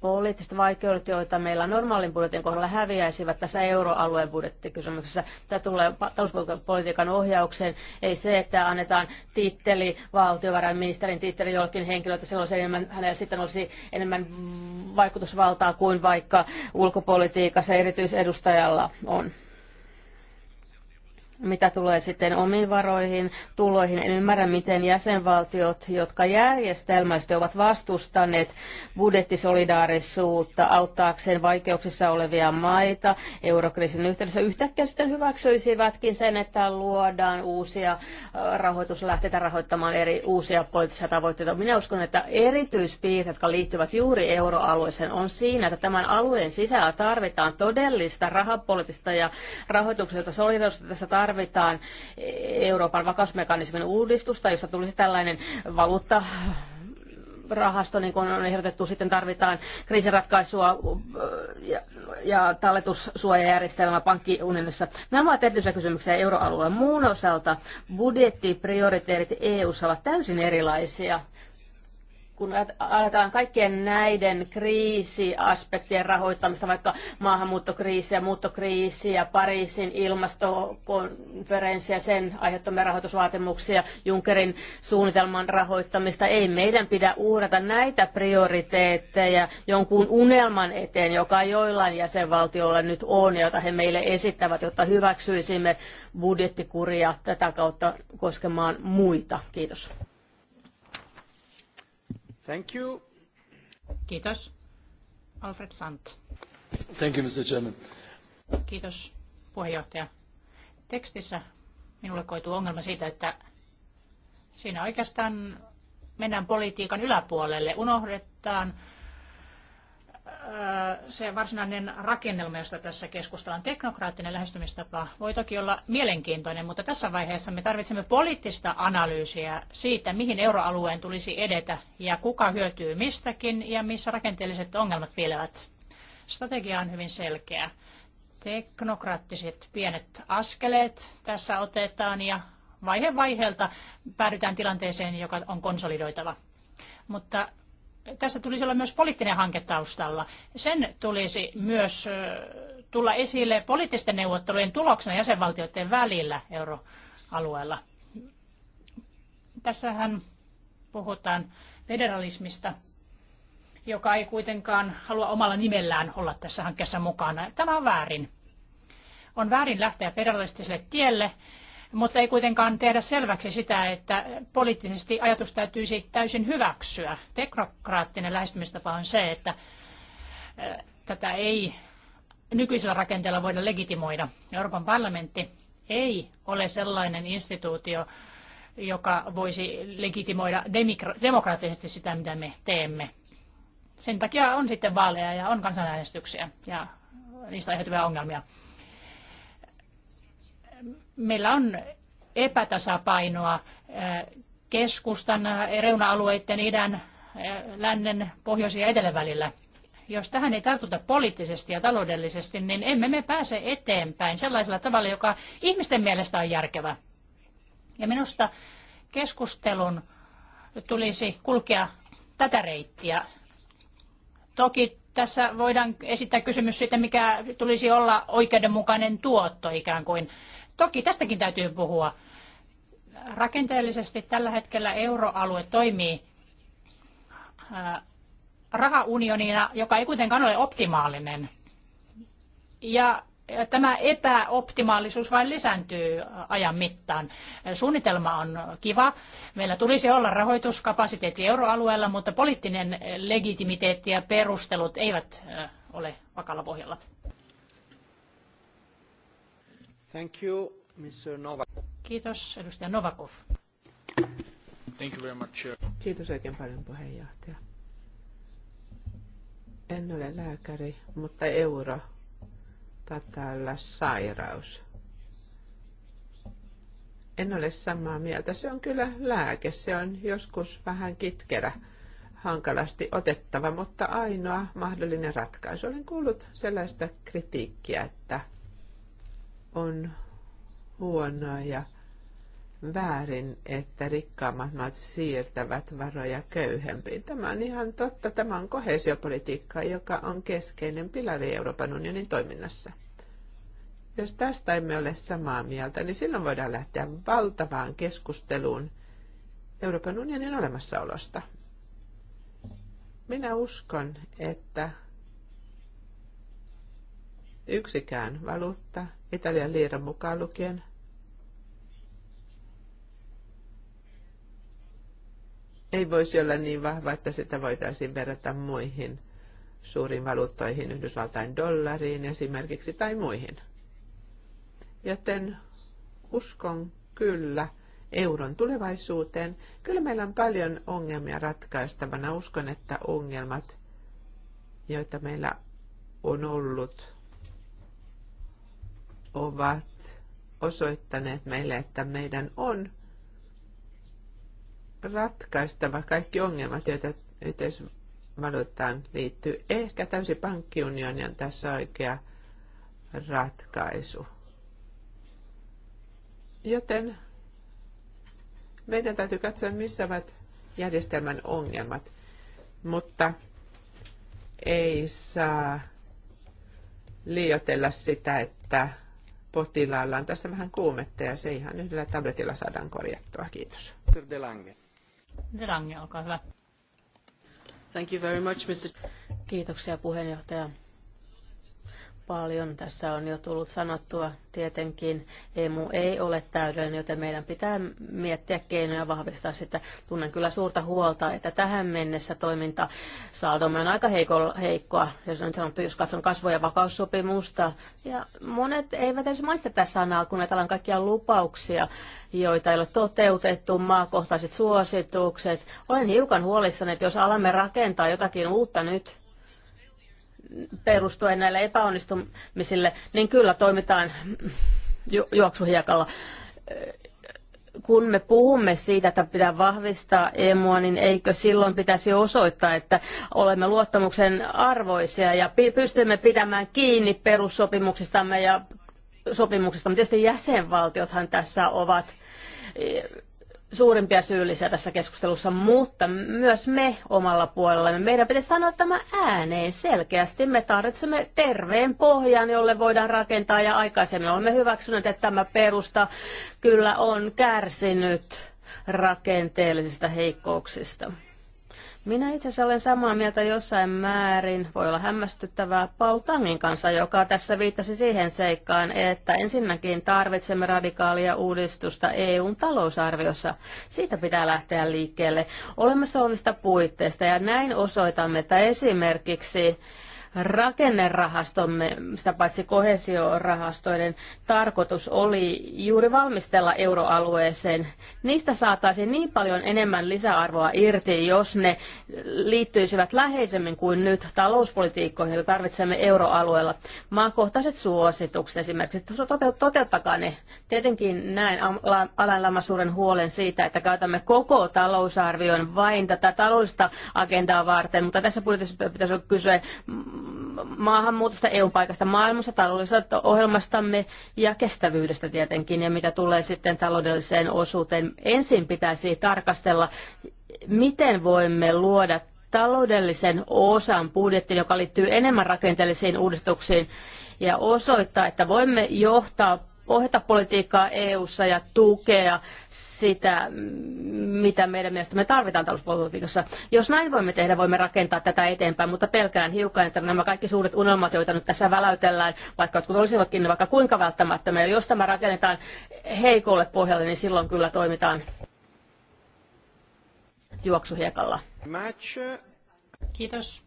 [SPEAKER 4] poliittiset vaikeudet, joita meillä normaalin budjetin kohdalla häviäisivät tässä euroalueen budjettikysymyksessä. Tämä tulee talouspolitiikan ohjaukseen. Ei se, että annetaan titteli, valtiovarainministerin titteli jollekin henkilölle, että silloin enemmän, hänellä sitten olisi enemmän vaikutusvaltaa kuin vaikka ulkopolitiikassa erityisedustajalla on. Mitä tulee sitten omiin varoihin, tuloihin, en ymmärrä, miten jäsenvaltiot, jotka järjestelmällisesti ovat vastustaneet budjettisolidaarisuutta auttaakseen vaikeuksissa olevia maita eurokriisin yhteydessä, yhtäkkiä sitten hyväksyisivätkin sen, että luodaan uusia rahoituslähteitä rahoittamaan eri uusia poliittisia tavoitteita. Minä uskon, että erityispiirteet, jotka liittyvät juuri euroalueeseen, on siinä, että tämän alueen sisällä tarvitaan todellista rahapoliittista ja rahoitukselta solidaarisuutta tässä tarvitaan tarvitaan Euroopan vakausmekanismin uudistusta, jossa tulisi tällainen valuutta rahasto, niin kuin on ehdotettu, sitten tarvitaan kriisiratkaisua ja, ja talletussuojajärjestelmä pankkiunionissa. Nämä ovat erityisiä kysymyksiä euroalueen muun osalta. Budjettiprioriteetit EU-ssa ovat täysin erilaisia kun aletaan kaikkien näiden kriisiaspektien rahoittamista, vaikka maahanmuuttokriisiä, muuttokriisiä, Pariisin ilmastokonferenssia, sen aiheuttamia rahoitusvaatimuksia, Junckerin suunnitelman rahoittamista, ei meidän pidä uhrata näitä prioriteetteja jonkun unelman eteen, joka joillain jäsenvaltioilla nyt on, jota he meille esittävät, jotta hyväksyisimme budjettikuria tätä kautta koskemaan muita. Kiitos.
[SPEAKER 1] Thank you. Kiitos. Alfred Sant.
[SPEAKER 3] Thank you, Mr. Chairman.
[SPEAKER 1] Kiitos, puheenjohtaja. Tekstissä minulle koituu ongelma siitä, että siinä oikeastaan mennään politiikan yläpuolelle. Unohdetaan se varsinainen rakennelma, josta tässä keskustellaan, teknokraattinen lähestymistapa, voi toki olla mielenkiintoinen, mutta tässä vaiheessa me tarvitsemme poliittista analyysiä siitä, mihin euroalueen tulisi edetä ja kuka hyötyy mistäkin ja missä rakenteelliset ongelmat piilevät. Strategia on hyvin selkeä. Teknokraattiset pienet askeleet tässä otetaan ja vaihe vaiheelta päädytään tilanteeseen, joka on konsolidoitava. Mutta tässä tulisi olla myös poliittinen hanke taustalla. Sen tulisi myös tulla esille poliittisten neuvottelujen tuloksena jäsenvaltioiden välillä euroalueella. Tässähän puhutaan federalismista, joka ei kuitenkaan halua omalla nimellään olla tässä hankkeessa mukana. Tämä on väärin. On väärin lähteä federalistiselle tielle mutta ei kuitenkaan tehdä selväksi sitä, että poliittisesti ajatus täytyisi täysin hyväksyä. Teknokraattinen lähestymistapa on se, että tätä ei nykyisellä rakenteella voida legitimoida. Euroopan parlamentti ei ole sellainen instituutio, joka voisi legitimoida demokraattisesti sitä, mitä me teemme. Sen takia on sitten vaaleja ja on kansanäänestyksiä ja niistä aiheutuvia ongelmia meillä on epätasapainoa keskustan, reuna-alueiden, idän, lännen, pohjoisen ja etelän välillä. Jos tähän ei tartuta poliittisesti ja taloudellisesti, niin emme me pääse eteenpäin sellaisella tavalla, joka ihmisten mielestä on järkevä. Ja minusta keskustelun tulisi kulkea tätä reittiä. Toki tässä voidaan esittää kysymys siitä, mikä tulisi olla oikeudenmukainen tuotto ikään kuin Toki tästäkin täytyy puhua. Rakenteellisesti tällä hetkellä euroalue toimii äh, rahaunionina, joka ei kuitenkaan ole optimaalinen. Ja äh, tämä epäoptimaalisuus vain lisääntyy äh, ajan mittaan. Suunnitelma on kiva. Meillä tulisi olla rahoituskapasiteetti euroalueella, mutta poliittinen legitimiteetti ja perustelut eivät ole vakalla pohjalla.
[SPEAKER 2] Thank you, Mr. Kiitos, edustaja Novakov. Thank you very much. Kiitos oikein paljon, puheenjohtaja. En ole lääkäri, mutta euro taitaa olla sairaus. En ole samaa mieltä. Se on kyllä lääke. Se on joskus vähän kitkerä, hankalasti otettava, mutta ainoa mahdollinen ratkaisu. Olen kuullut sellaista kritiikkiä, että on huonoa ja väärin, että rikkaammat maat siirtävät varoja köyhempiin. Tämä on ihan totta. Tämä on kohesiopolitiikka, joka on keskeinen pilari Euroopan unionin toiminnassa. Jos tästä emme ole samaa mieltä, niin silloin voidaan lähteä valtavaan keskusteluun Euroopan unionin olemassaolosta. Minä uskon, että yksikään valuutta, Italian liira mukaan lukien, ei voisi olla niin vahva, että sitä voitaisiin verrata muihin suuriin valuuttoihin, Yhdysvaltain dollariin esimerkiksi tai muihin. Joten uskon kyllä euron tulevaisuuteen. Kyllä meillä on paljon ongelmia ratkaistavana. Uskon, että ongelmat, joita meillä on ollut ovat osoittaneet meille, että meidän on ratkaistava kaikki ongelmat, joita yhteisvaluuttaan liittyy. Ehkä täysi pankkiunioni on tässä oikea ratkaisu. Joten meidän täytyy katsoa, missä ovat järjestelmän ongelmat. Mutta ei saa liioitella sitä, että on Tässä vähän kuumetta ja se ihan yhdellä tabletilla saadaan korjattua. Kiitos. De Lange.
[SPEAKER 1] De Lange, olkaa hyvä.
[SPEAKER 4] Thank you very much, Mr. Kiitoksia puheenjohtaja paljon. Tässä on jo tullut sanottua, tietenkin EMU ei ole täydellinen, joten meidän pitää miettiä keinoja vahvistaa sitä. Tunnen kyllä suurta huolta, että tähän mennessä toiminta saldomme on aika heikkoa, jos on sanottu, jos katson kasvoja ja vakaussopimusta. Ja monet eivät edes maista tässä sanaa, kun on kaikkia lupauksia, joita ei ole toteutettu, maakohtaiset suositukset. Olen hiukan huolissani, että jos alamme rakentaa jotakin uutta nyt, perustuen näille epäonnistumisille, niin kyllä toimitaan ju- juoksuhiekalla. Kun me puhumme siitä, että pitää vahvistaa emua, niin eikö silloin pitäisi osoittaa, että olemme luottamuksen arvoisia ja pystymme pitämään kiinni perussopimuksistamme ja sopimuksista. Tietysti jäsenvaltiothan tässä ovat suurimpia syyllisiä tässä keskustelussa, mutta myös me omalla puolellamme. Meidän pitäisi sanoa tämä ääneen selkeästi. Me tarvitsemme terveen pohjan, jolle voidaan rakentaa ja aikaisemmin olemme hyväksyneet, että tämä perusta kyllä on kärsinyt rakenteellisista heikkouksista. Minä itse asiassa olen samaa mieltä jossain määrin, voi olla hämmästyttävää, Paul Tangin kanssa, joka tässä viittasi siihen seikkaan, että ensinnäkin tarvitsemme radikaalia uudistusta EUn talousarviossa. Siitä pitää lähteä liikkeelle olemassa olevista puitteista ja näin osoitamme, että esimerkiksi rakennerahastomme, sitä paitsi kohesiorahastoiden tarkoitus oli juuri valmistella euroalueeseen. Niistä saataisiin niin paljon enemmän lisäarvoa irti, jos ne liittyisivät läheisemmin kuin nyt talouspolitiikkoihin, joita tarvitsemme euroalueella. Maakohtaiset suositukset esimerkiksi, toteuttakaa ne. Tietenkin näin Alan suuren huolen siitä, että käytämme koko talousarvion vain tätä taloudellista agendaa varten, mutta tässä budjetissa pitäisi kysyä maahanmuutosta, EU-paikasta maailmassa, taloudellisesta ohjelmastamme ja kestävyydestä tietenkin. Ja mitä tulee sitten taloudelliseen osuuteen, ensin pitäisi tarkastella, miten voimme luoda taloudellisen osan budjettiin, joka liittyy enemmän rakenteellisiin uudistuksiin ja osoittaa, että voimme johtaa ohjata politiikkaa EU-ssa ja tukea sitä, mitä meidän mielestämme tarvitaan talouspolitiikassa. Jos näin voimme tehdä, voimme rakentaa tätä eteenpäin, mutta pelkään hiukan, että nämä kaikki suuret unelmat, joita nyt tässä väläytellään, vaikka jotkut olisivatkin vaikka kuinka välttämättömiä, jos tämä rakennetaan heikolle pohjalle, niin silloin kyllä toimitaan juoksuhiekalla.
[SPEAKER 1] Match. Kiitos.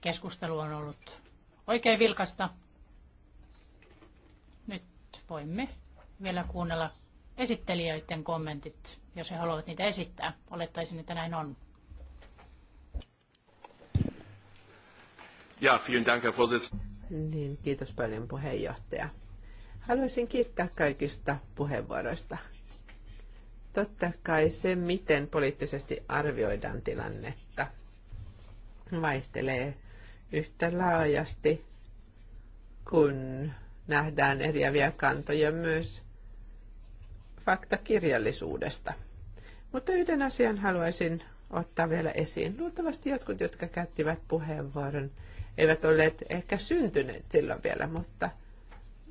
[SPEAKER 1] Keskustelu on ollut oikein vilkasta voimme vielä kuunnella esittelijöiden kommentit, jos he haluavat niitä esittää. Olettaisin, että näin on.
[SPEAKER 3] Ja, vielen Dank, Herr
[SPEAKER 2] niin, kiitos paljon puheenjohtaja. Haluaisin kiittää kaikista puheenvuoroista. Totta kai se, miten poliittisesti arvioidaan tilannetta, vaihtelee yhtä laajasti kuin nähdään eriäviä kantoja myös faktakirjallisuudesta. Mutta yhden asian haluaisin ottaa vielä esiin. Luultavasti jotkut, jotka käyttivät puheenvuoron, eivät olleet ehkä syntyneet silloin vielä, mutta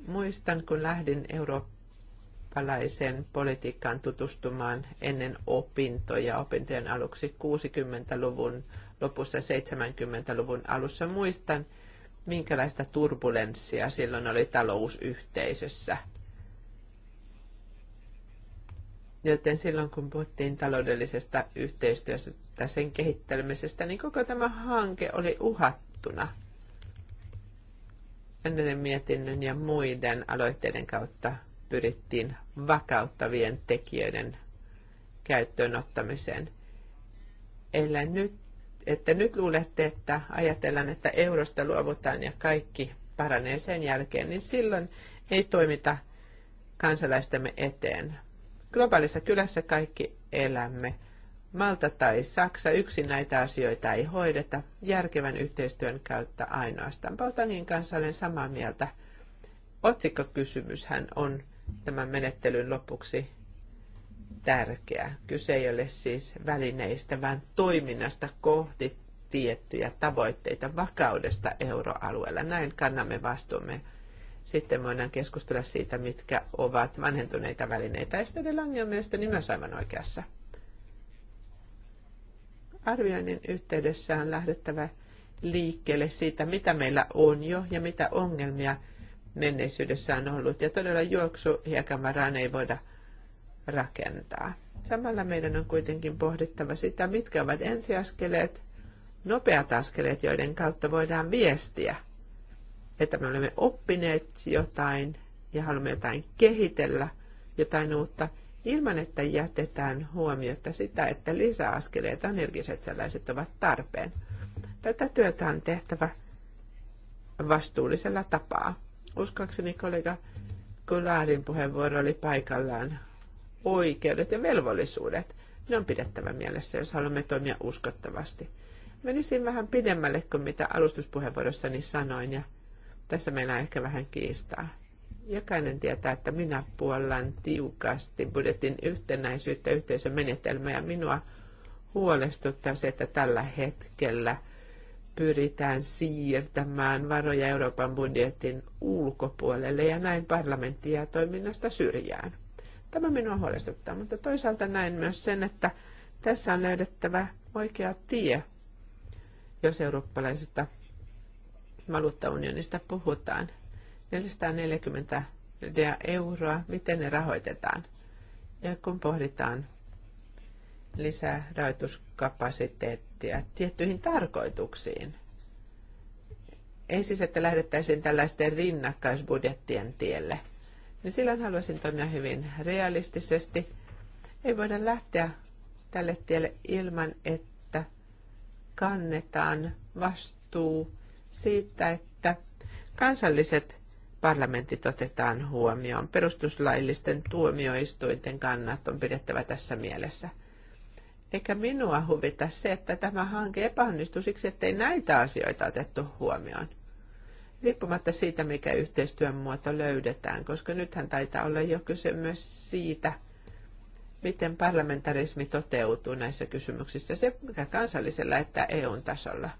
[SPEAKER 2] muistan, kun lähdin eurooppalaiseen politiikkaan tutustumaan ennen opintoja, opintojen aluksi 60-luvun lopussa 70-luvun alussa. Muistan, minkälaista turbulenssia silloin oli talousyhteisössä. Joten silloin kun puhuttiin taloudellisesta yhteistyöstä, sen kehittelemisestä, niin koko tämä hanke oli uhattuna. Ennen mietinnön ja muiden aloitteiden kautta pyrittiin vakauttavien tekijöiden käyttöön ottamiseen. Eli nyt että nyt luulette, että ajatellaan, että eurosta luovutaan ja kaikki paranee sen jälkeen, niin silloin ei toimita kansalaistemme eteen. Globaalissa kylässä kaikki elämme. Malta tai Saksa yksin näitä asioita ei hoideta, järkevän yhteistyön kautta ainoastaan. Pautangin kanssa olen samaa mieltä. Otsikkokysymyshän on tämän menettelyn lopuksi tärkeä. Kyse ei ole siis välineistä, vaan toiminnasta kohti tiettyjä tavoitteita vakaudesta euroalueella. Näin kannamme vastuumme. Sitten voidaan keskustella siitä, mitkä ovat vanhentuneita välineitä. Ja sitten Lange on mielestäni myös aivan oikeassa. Arvioinnin yhteydessä on lähdettävä liikkeelle siitä, mitä meillä on jo ja mitä ongelmia menneisyydessä on ollut. Ja todella juoksu hiekan varaan ei voida – rakentaa. Samalla meidän on kuitenkin pohdittava sitä, mitkä ovat ensiaskeleet, nopeat askeleet, joiden kautta voidaan viestiä, että me olemme oppineet jotain ja haluamme jotain kehitellä, jotain uutta, ilman että jätetään huomiota sitä, että lisäaskeleet energiset sellaiset ovat tarpeen. Tätä työtä on tehtävä vastuullisella tapaa. Uskoakseni kollega Kulaarin puheenvuoro oli paikallaan oikeudet ja velvollisuudet. Ne on pidettävä mielessä, jos haluamme toimia uskottavasti. Menisin vähän pidemmälle kuin mitä alustuspuheenvuorossani sanoin ja tässä meillä on ehkä vähän kiistaa. Jokainen tietää, että minä puollan tiukasti budjetin yhtenäisyyttä, yhteisön menetelmää ja minua huolestuttaa se, että tällä hetkellä pyritään siirtämään varoja Euroopan budjetin ulkopuolelle ja näin parlamenttia toiminnasta syrjään. Tämä minua huolestuttaa, mutta toisaalta näen myös sen, että tässä on löydettävä oikea tie, jos eurooppalaisesta valuuttaunionista puhutaan. 440 miljardia euroa, miten ne rahoitetaan. Ja kun pohditaan lisää rahoituskapasiteettia tiettyihin tarkoituksiin. Ei siis, että lähdettäisiin tällaisten rinnakkaisbudjettien tielle – niin silloin haluaisin toimia hyvin realistisesti. Ei voida lähteä tälle tielle ilman, että kannetaan vastuu siitä, että kansalliset parlamentit otetaan huomioon. Perustuslaillisten tuomioistuinten kannat on pidettävä tässä mielessä. Eikä minua huvita se, että tämä hanke epäonnistui siksi, ettei näitä asioita otettu huomioon riippumatta siitä, mikä yhteistyön muoto löydetään, koska nythän taitaa olla jo kyse myös siitä, miten parlamentarismi toteutuu näissä kysymyksissä, sekä kansallisella että eu tasolla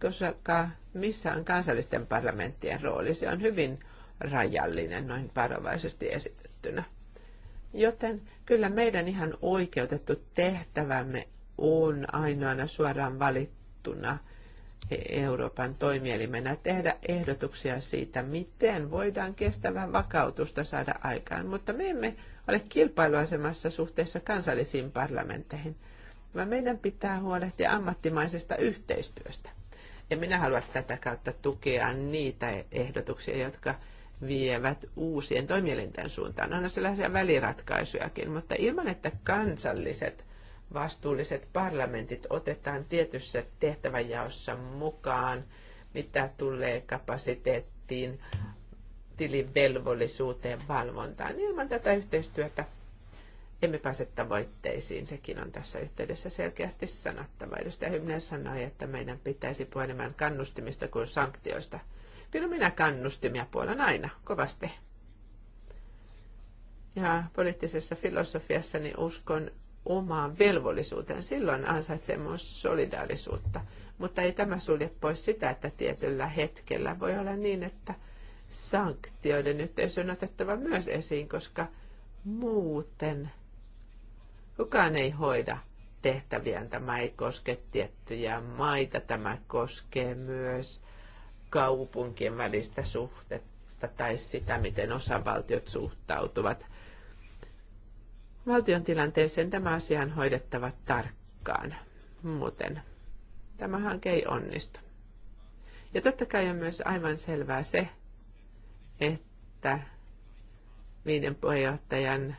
[SPEAKER 2] Koska missä on kansallisten parlamenttien rooli, se on hyvin rajallinen noin varovaisesti esitettynä. Joten kyllä meidän ihan oikeutettu tehtävämme on ainoana suoraan valittuna – Euroopan toimielimenä tehdä ehdotuksia siitä, miten voidaan kestävää vakautusta saada aikaan, mutta me emme ole kilpailuasemassa suhteessa kansallisiin parlamentteihin, vaan meidän pitää huolehtia ammattimaisesta yhteistyöstä. Ja minä haluan tätä kautta tukea niitä ehdotuksia, jotka vievät uusien toimielinten suuntaan. On sellaisia väliratkaisujakin, mutta ilman, että kansalliset – vastuulliset parlamentit otetaan tietyssä tehtäväjaossa mukaan, mitä tulee kapasiteettiin, tilivelvollisuuteen, valvontaan. Ilman tätä yhteistyötä emme pääse tavoitteisiin. Sekin on tässä yhteydessä selkeästi sanottava. Edustaja Hymnen sanoi, että meidän pitäisi puhua enemmän kannustimista kuin sanktioista. Kyllä minä kannustimia puolan aina, kovasti. Ja poliittisessa filosofiassani uskon, omaan velvollisuuteen. Silloin myös solidaarisuutta. Mutta ei tämä sulje pois sitä, että tietyllä hetkellä voi olla niin, että sanktioiden yhteys on otettava myös esiin, koska muuten kukaan ei hoida tehtäviä. Tämä ei koske tiettyjä maita, tämä koskee myös kaupunkien välistä suhdetta tai sitä, miten osavaltiot suhtautuvat valtion tilanteeseen tämä asia on hoidettava tarkkaan. Muuten tämä hanke ei onnistu. Ja totta kai on myös aivan selvää se, että viiden puheenjohtajan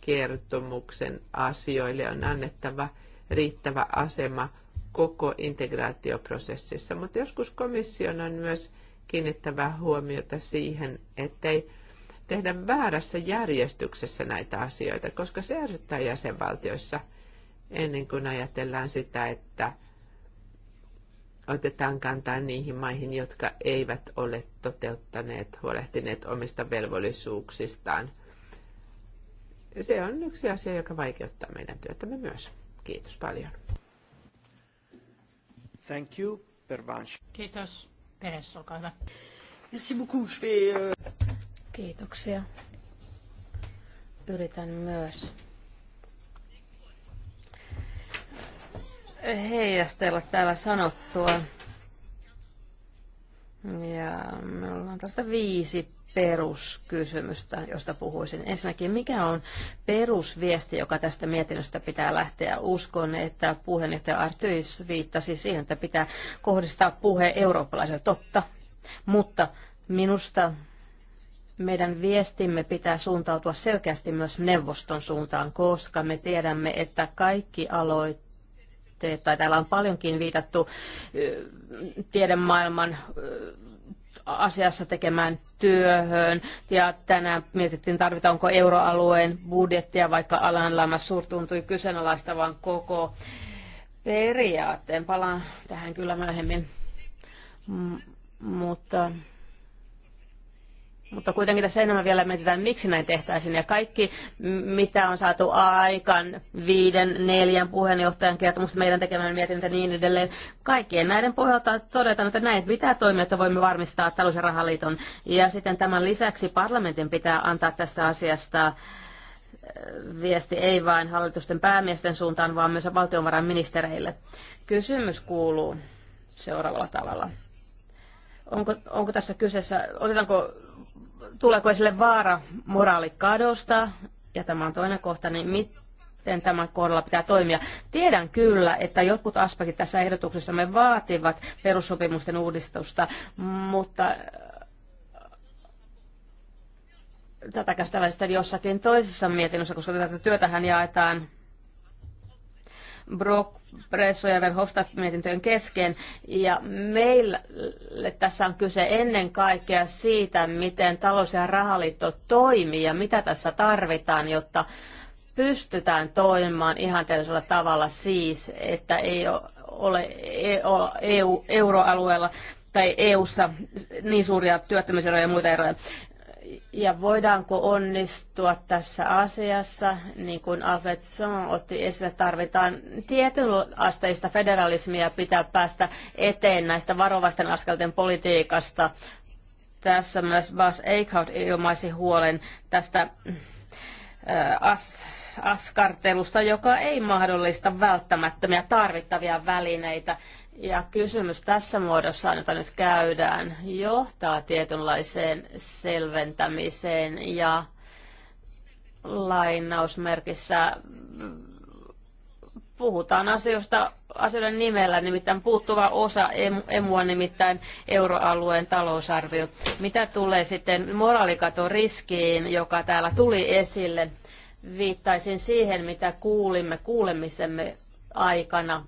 [SPEAKER 2] kertomuksen asioille on annettava riittävä asema koko integraatioprosessissa. Mutta joskus komission on myös kiinnittävä huomiota siihen, ettei tehdä väärässä järjestyksessä näitä asioita, koska se ärsyttää jäsenvaltioissa ennen kuin ajatellaan sitä, että otetaan kantaa niihin maihin, jotka eivät ole toteuttaneet, huolehtineet omista velvollisuuksistaan. Se on yksi asia, joka vaikeuttaa meidän työtämme myös. Kiitos paljon. Thank you, Pervanche.
[SPEAKER 1] Kiitos. Peres, olkaa hyvä.
[SPEAKER 4] Merci beaucoup. Je vais, euh, Kiitoksia. Yritän myös heijastella täällä sanottua. Ja minulla on tästä viisi peruskysymystä, josta puhuisin. Ensinnäkin, mikä on perusviesti, joka tästä mietinnöstä pitää lähteä? Uskon, että puheenjohtaja Artyys viittasi siihen, että pitää kohdistaa puhe eurooppalaiselle. Totta, mutta minusta meidän viestimme pitää suuntautua selkeästi myös neuvoston suuntaan, koska me tiedämme, että kaikki aloitteet, tai täällä on paljonkin viitattu tiedemaailman asiassa tekemään työhön. Ja tänään mietittiin, tarvitaanko euroalueen budjettia, vaikka alan lama suurtuntui kyseenalaistavan koko periaatteen. Palaan tähän kyllä myöhemmin. M- mutta mutta kuitenkin tässä enemmän vielä mietitään, miksi näin tehtäisiin. Ja kaikki, mitä on saatu aikaan viiden, neljän puheenjohtajan kertomusta meidän tekemään mietintä niin edelleen. Kaikkien näiden pohjalta todetaan, että näin pitää toimia, että voimme varmistaa talous- ja rahaliiton. Ja sitten tämän lisäksi parlamentin pitää antaa tästä asiasta äh, viesti ei vain hallitusten päämiesten suuntaan, vaan myös valtionvarainministereille. Kysymys kuuluu seuraavalla tavalla onko, onko tässä kyseessä, otetaanko tuleeko esille vaara moraalikadosta, ja tämä on toinen kohta, niin miten tämän kohdalla pitää toimia. Tiedän kyllä, että jotkut aspektit tässä ehdotuksessa me vaativat perussopimusten uudistusta, mutta äh, tätä käsitellään sitten jossakin toisessa mietinnössä, koska tätä työtähän jaetaan Brock, Presso ja Verhofstadt mietintöjen kesken. Ja meille tässä on kyse ennen kaikkea siitä, miten talous- ja rahaliitto toimii ja mitä tässä tarvitaan, jotta pystytään toimimaan tällaisella tavalla siis, että ei ole e- EU, euroalueella tai EU-ssa niin suuria työttömyyseroja ja muita eroja ja voidaanko onnistua tässä asiassa, niin kuin Alfred Son otti esille, tarvitaan tietynasteista federalismia pitää päästä eteen näistä varovaisten askelten politiikasta. Tässä myös Bas Eichhout ilmaisi huolen tästä äh, as, askartelusta, joka ei mahdollista välttämättömiä tarvittavia välineitä. Ja kysymys tässä muodossa, jota nyt käydään, johtaa tietynlaiseen selventämiseen ja lainausmerkissä puhutaan asioista asioiden nimellä, nimittäin puuttuva osa emua, nimittäin euroalueen talousarvio. Mitä tulee sitten moraalikato-riskiin, joka täällä tuli esille, viittaisin siihen, mitä kuulimme kuulemisemme aikana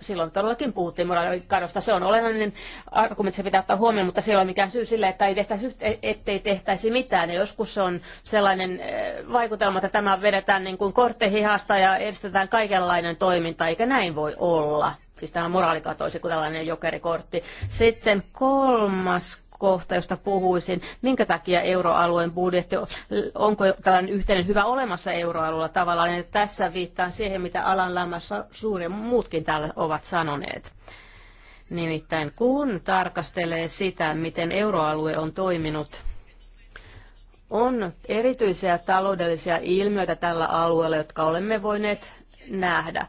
[SPEAKER 4] silloin todellakin puhuttiin moraalikadosta. Se on olennainen argumentti, se pitää ottaa huomioon, mutta siellä on mikään syy sille, että ei tehtäisi, e- ettei tehtäisi mitään. Ja joskus se on sellainen eh, vaikutelma, että tämä vedetään niin kuin korttehihasta ja estetään kaikenlainen toiminta, eikä näin voi olla. Siis tämä moraalikatoisi kuin tällainen jokerikortti. Sitten kolmas kohta, josta puhuisin. Minkä takia euroalueen budjetti, onko tällainen yhteinen hyvä olemassa euroalueella tavallaan? Ja tässä viittaan siihen, mitä alan lämmässä suuri muutkin täällä ovat sanoneet. Nimittäin kun tarkastelee sitä, miten euroalue on toiminut on erityisiä taloudellisia ilmiöitä tällä alueella, jotka olemme voineet nähdä.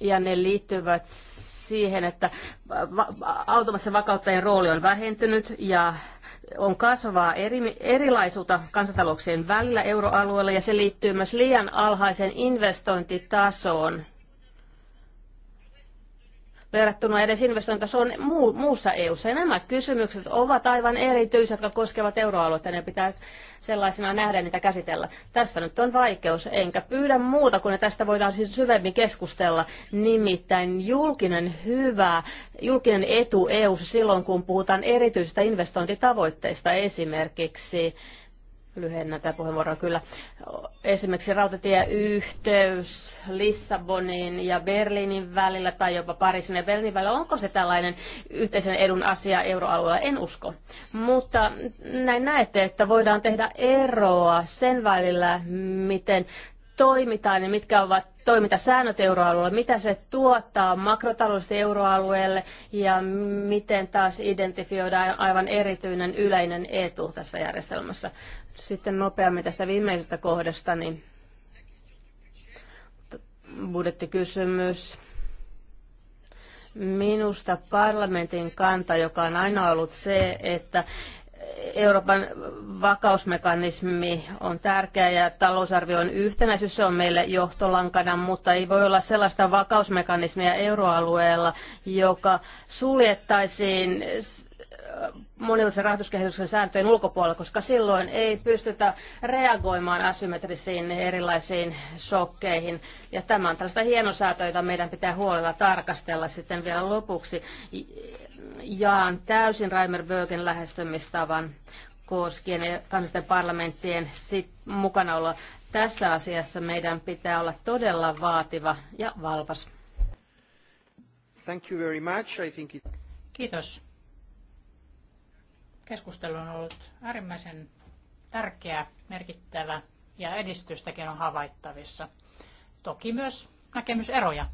[SPEAKER 4] Ja ne liittyvät siihen, että automaattisen vakauttajien rooli on vähentynyt ja on kasvavaa eri, erilaisuutta kansantalouksien välillä euroalueella ja se liittyy myös liian alhaisen investointitasoon verrattuna edes investointitasoon muu, muussa eu Ja nämä kysymykset ovat aivan erityiset, jotka koskevat euroaluetta. Ne pitää sellaisena nähdä niitä käsitellä. Tässä nyt on vaikeus, enkä pyydä muuta, kun tästä voidaan siis syvemmin keskustella. Nimittäin julkinen hyvä, julkinen etu EU-ssa silloin, kun puhutaan erityisistä investointitavoitteista esimerkiksi lyhennä tätä puheenvuoro kyllä. Esimerkiksi rautatieyhteys Lissabonin ja Berliinin välillä tai jopa Pariisin ja Berliinin välillä, onko se tällainen yhteisen edun asia euroalueella? En usko. Mutta näin näette, että voidaan tehdä eroa sen välillä, miten toimitaan ja mitkä ovat toimintasäännöt euroalueella, mitä se tuottaa makrotaloudellisesti euroalueelle ja miten taas identifioidaan aivan erityinen yleinen etu tässä järjestelmässä. Sitten nopeammin tästä viimeisestä kohdasta, niin budjettikysymys. Minusta parlamentin kanta, joka on aina ollut se, että Euroopan vakausmekanismi on tärkeä ja talousarvion yhtenäisyys se on meille johtolankana, mutta ei voi olla sellaista vakausmekanismia euroalueella, joka suljettaisiin monivuotisen rahoituskehityksen sääntöjen ulkopuolella, koska silloin ei pystytä reagoimaan asymmetrisiin erilaisiin shokkeihin. Ja tämä on tällaista hienosäätöä, jota meidän pitää huolella tarkastella sitten vielä lopuksi jaan täysin Raimer Bögen lähestymistavan koskien kansallisten parlamenttien sit olla Tässä asiassa meidän pitää olla todella vaativa ja valpas. Thank you very much. I think it... Kiitos.
[SPEAKER 1] Keskustelu on ollut äärimmäisen tärkeä, merkittävä ja edistystäkin on havaittavissa. Toki myös näkemyseroja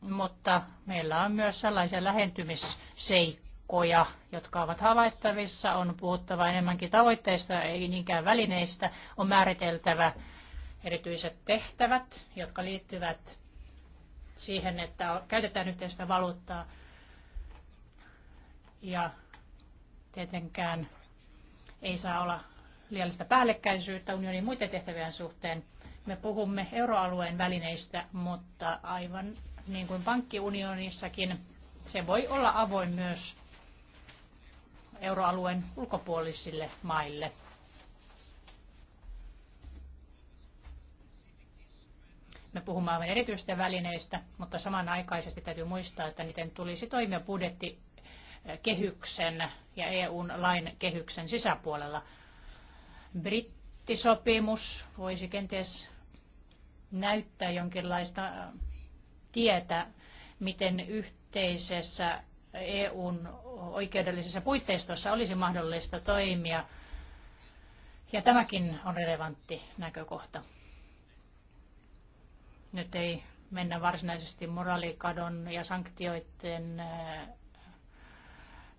[SPEAKER 1] mutta meillä on myös sellaisia lähentymisseikkoja, jotka ovat havaittavissa. On puhuttava enemmänkin tavoitteista, ei niinkään välineistä. On määriteltävä erityiset tehtävät, jotka liittyvät siihen, että käytetään yhteistä valuuttaa. Ja tietenkään ei saa olla liiallista päällekkäisyyttä unionin muiden tehtävien suhteen. Me puhumme euroalueen välineistä, mutta aivan niin kuin pankkiunionissakin, se voi olla avoin myös euroalueen ulkopuolisille maille. Me puhumme aivan erityistä välineistä, mutta samanaikaisesti täytyy muistaa, että niiden tulisi toimia budjettikehyksen ja EUn lain kehyksen sisäpuolella. Brittisopimus voisi kenties näyttää jonkinlaista tietä, miten yhteisessä EUn oikeudellisessa puitteistossa olisi mahdollista toimia. Ja tämäkin on relevantti näkökohta. Nyt ei mennä varsinaisesti moraalikadon ja sanktioiden äh,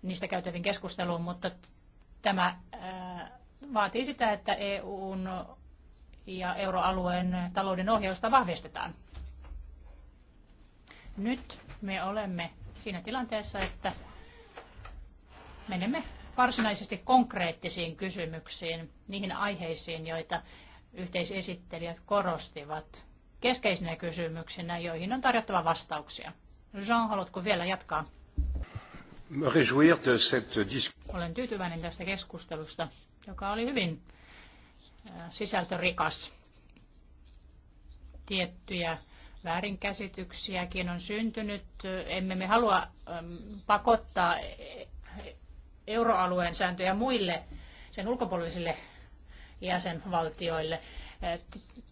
[SPEAKER 1] niistä käytäviin keskusteluun, mutta tämä äh, vaatii sitä, että EUn ja euroalueen talouden ohjausta vahvistetaan. Nyt me olemme siinä tilanteessa, että menemme varsinaisesti konkreettisiin kysymyksiin, niihin aiheisiin, joita yhteisesittelijät korostivat keskeisinä kysymyksinä, joihin on tarjottava vastauksia. Jean, haluatko vielä jatkaa? Olen tyytyväinen tästä keskustelusta, joka oli hyvin äh, sisältörikas. Tiettyjä väärinkäsityksiäkin on syntynyt. Emme me halua ähm, pakottaa euroalueen sääntöjä muille sen ulkopuolisille jäsenvaltioille.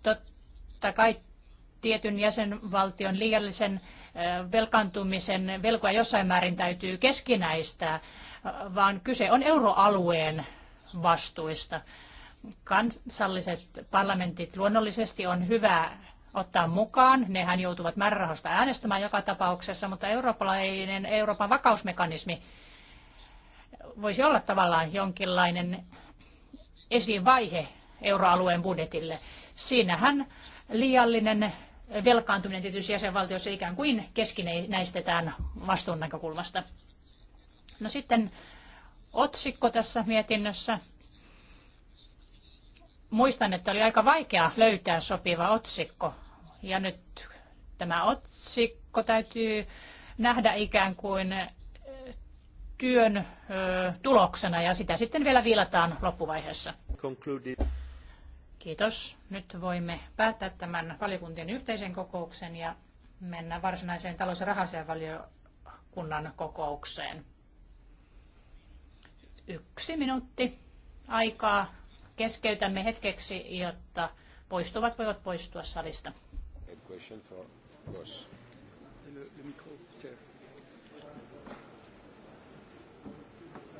[SPEAKER 1] Totta kai tietyn jäsenvaltion liiallisen äh, velkaantumisen velkoa jossain määrin täytyy keskinäistää, vaan kyse on euroalueen vastuista. Kansalliset parlamentit luonnollisesti on hyvä ottaa mukaan. Nehän joutuvat määrärahoista äänestämään joka tapauksessa, mutta eurooppalainen Euroopan vakausmekanismi voisi olla tavallaan jonkinlainen esivaihe euroalueen budjetille. Siinähän liiallinen velkaantuminen tietysti jäsenvaltiossa ikään kuin keskinäistetään vastuun näkökulmasta. No sitten otsikko tässä mietinnössä. Muistan, että oli aika vaikea löytää sopiva otsikko ja nyt tämä otsikko täytyy nähdä ikään kuin työn tuloksena ja sitä sitten vielä viilataan loppuvaiheessa.
[SPEAKER 2] Concluded.
[SPEAKER 1] Kiitos. Nyt voimme päättää tämän valiokuntien yhteisen kokouksen ja mennä varsinaiseen talous- ja valiokunnan kokoukseen. Yksi minuutti aikaa. Keskeytämme hetkeksi, jotta poistuvat voivat poistua salista
[SPEAKER 3] question for Boss. Le, le micro.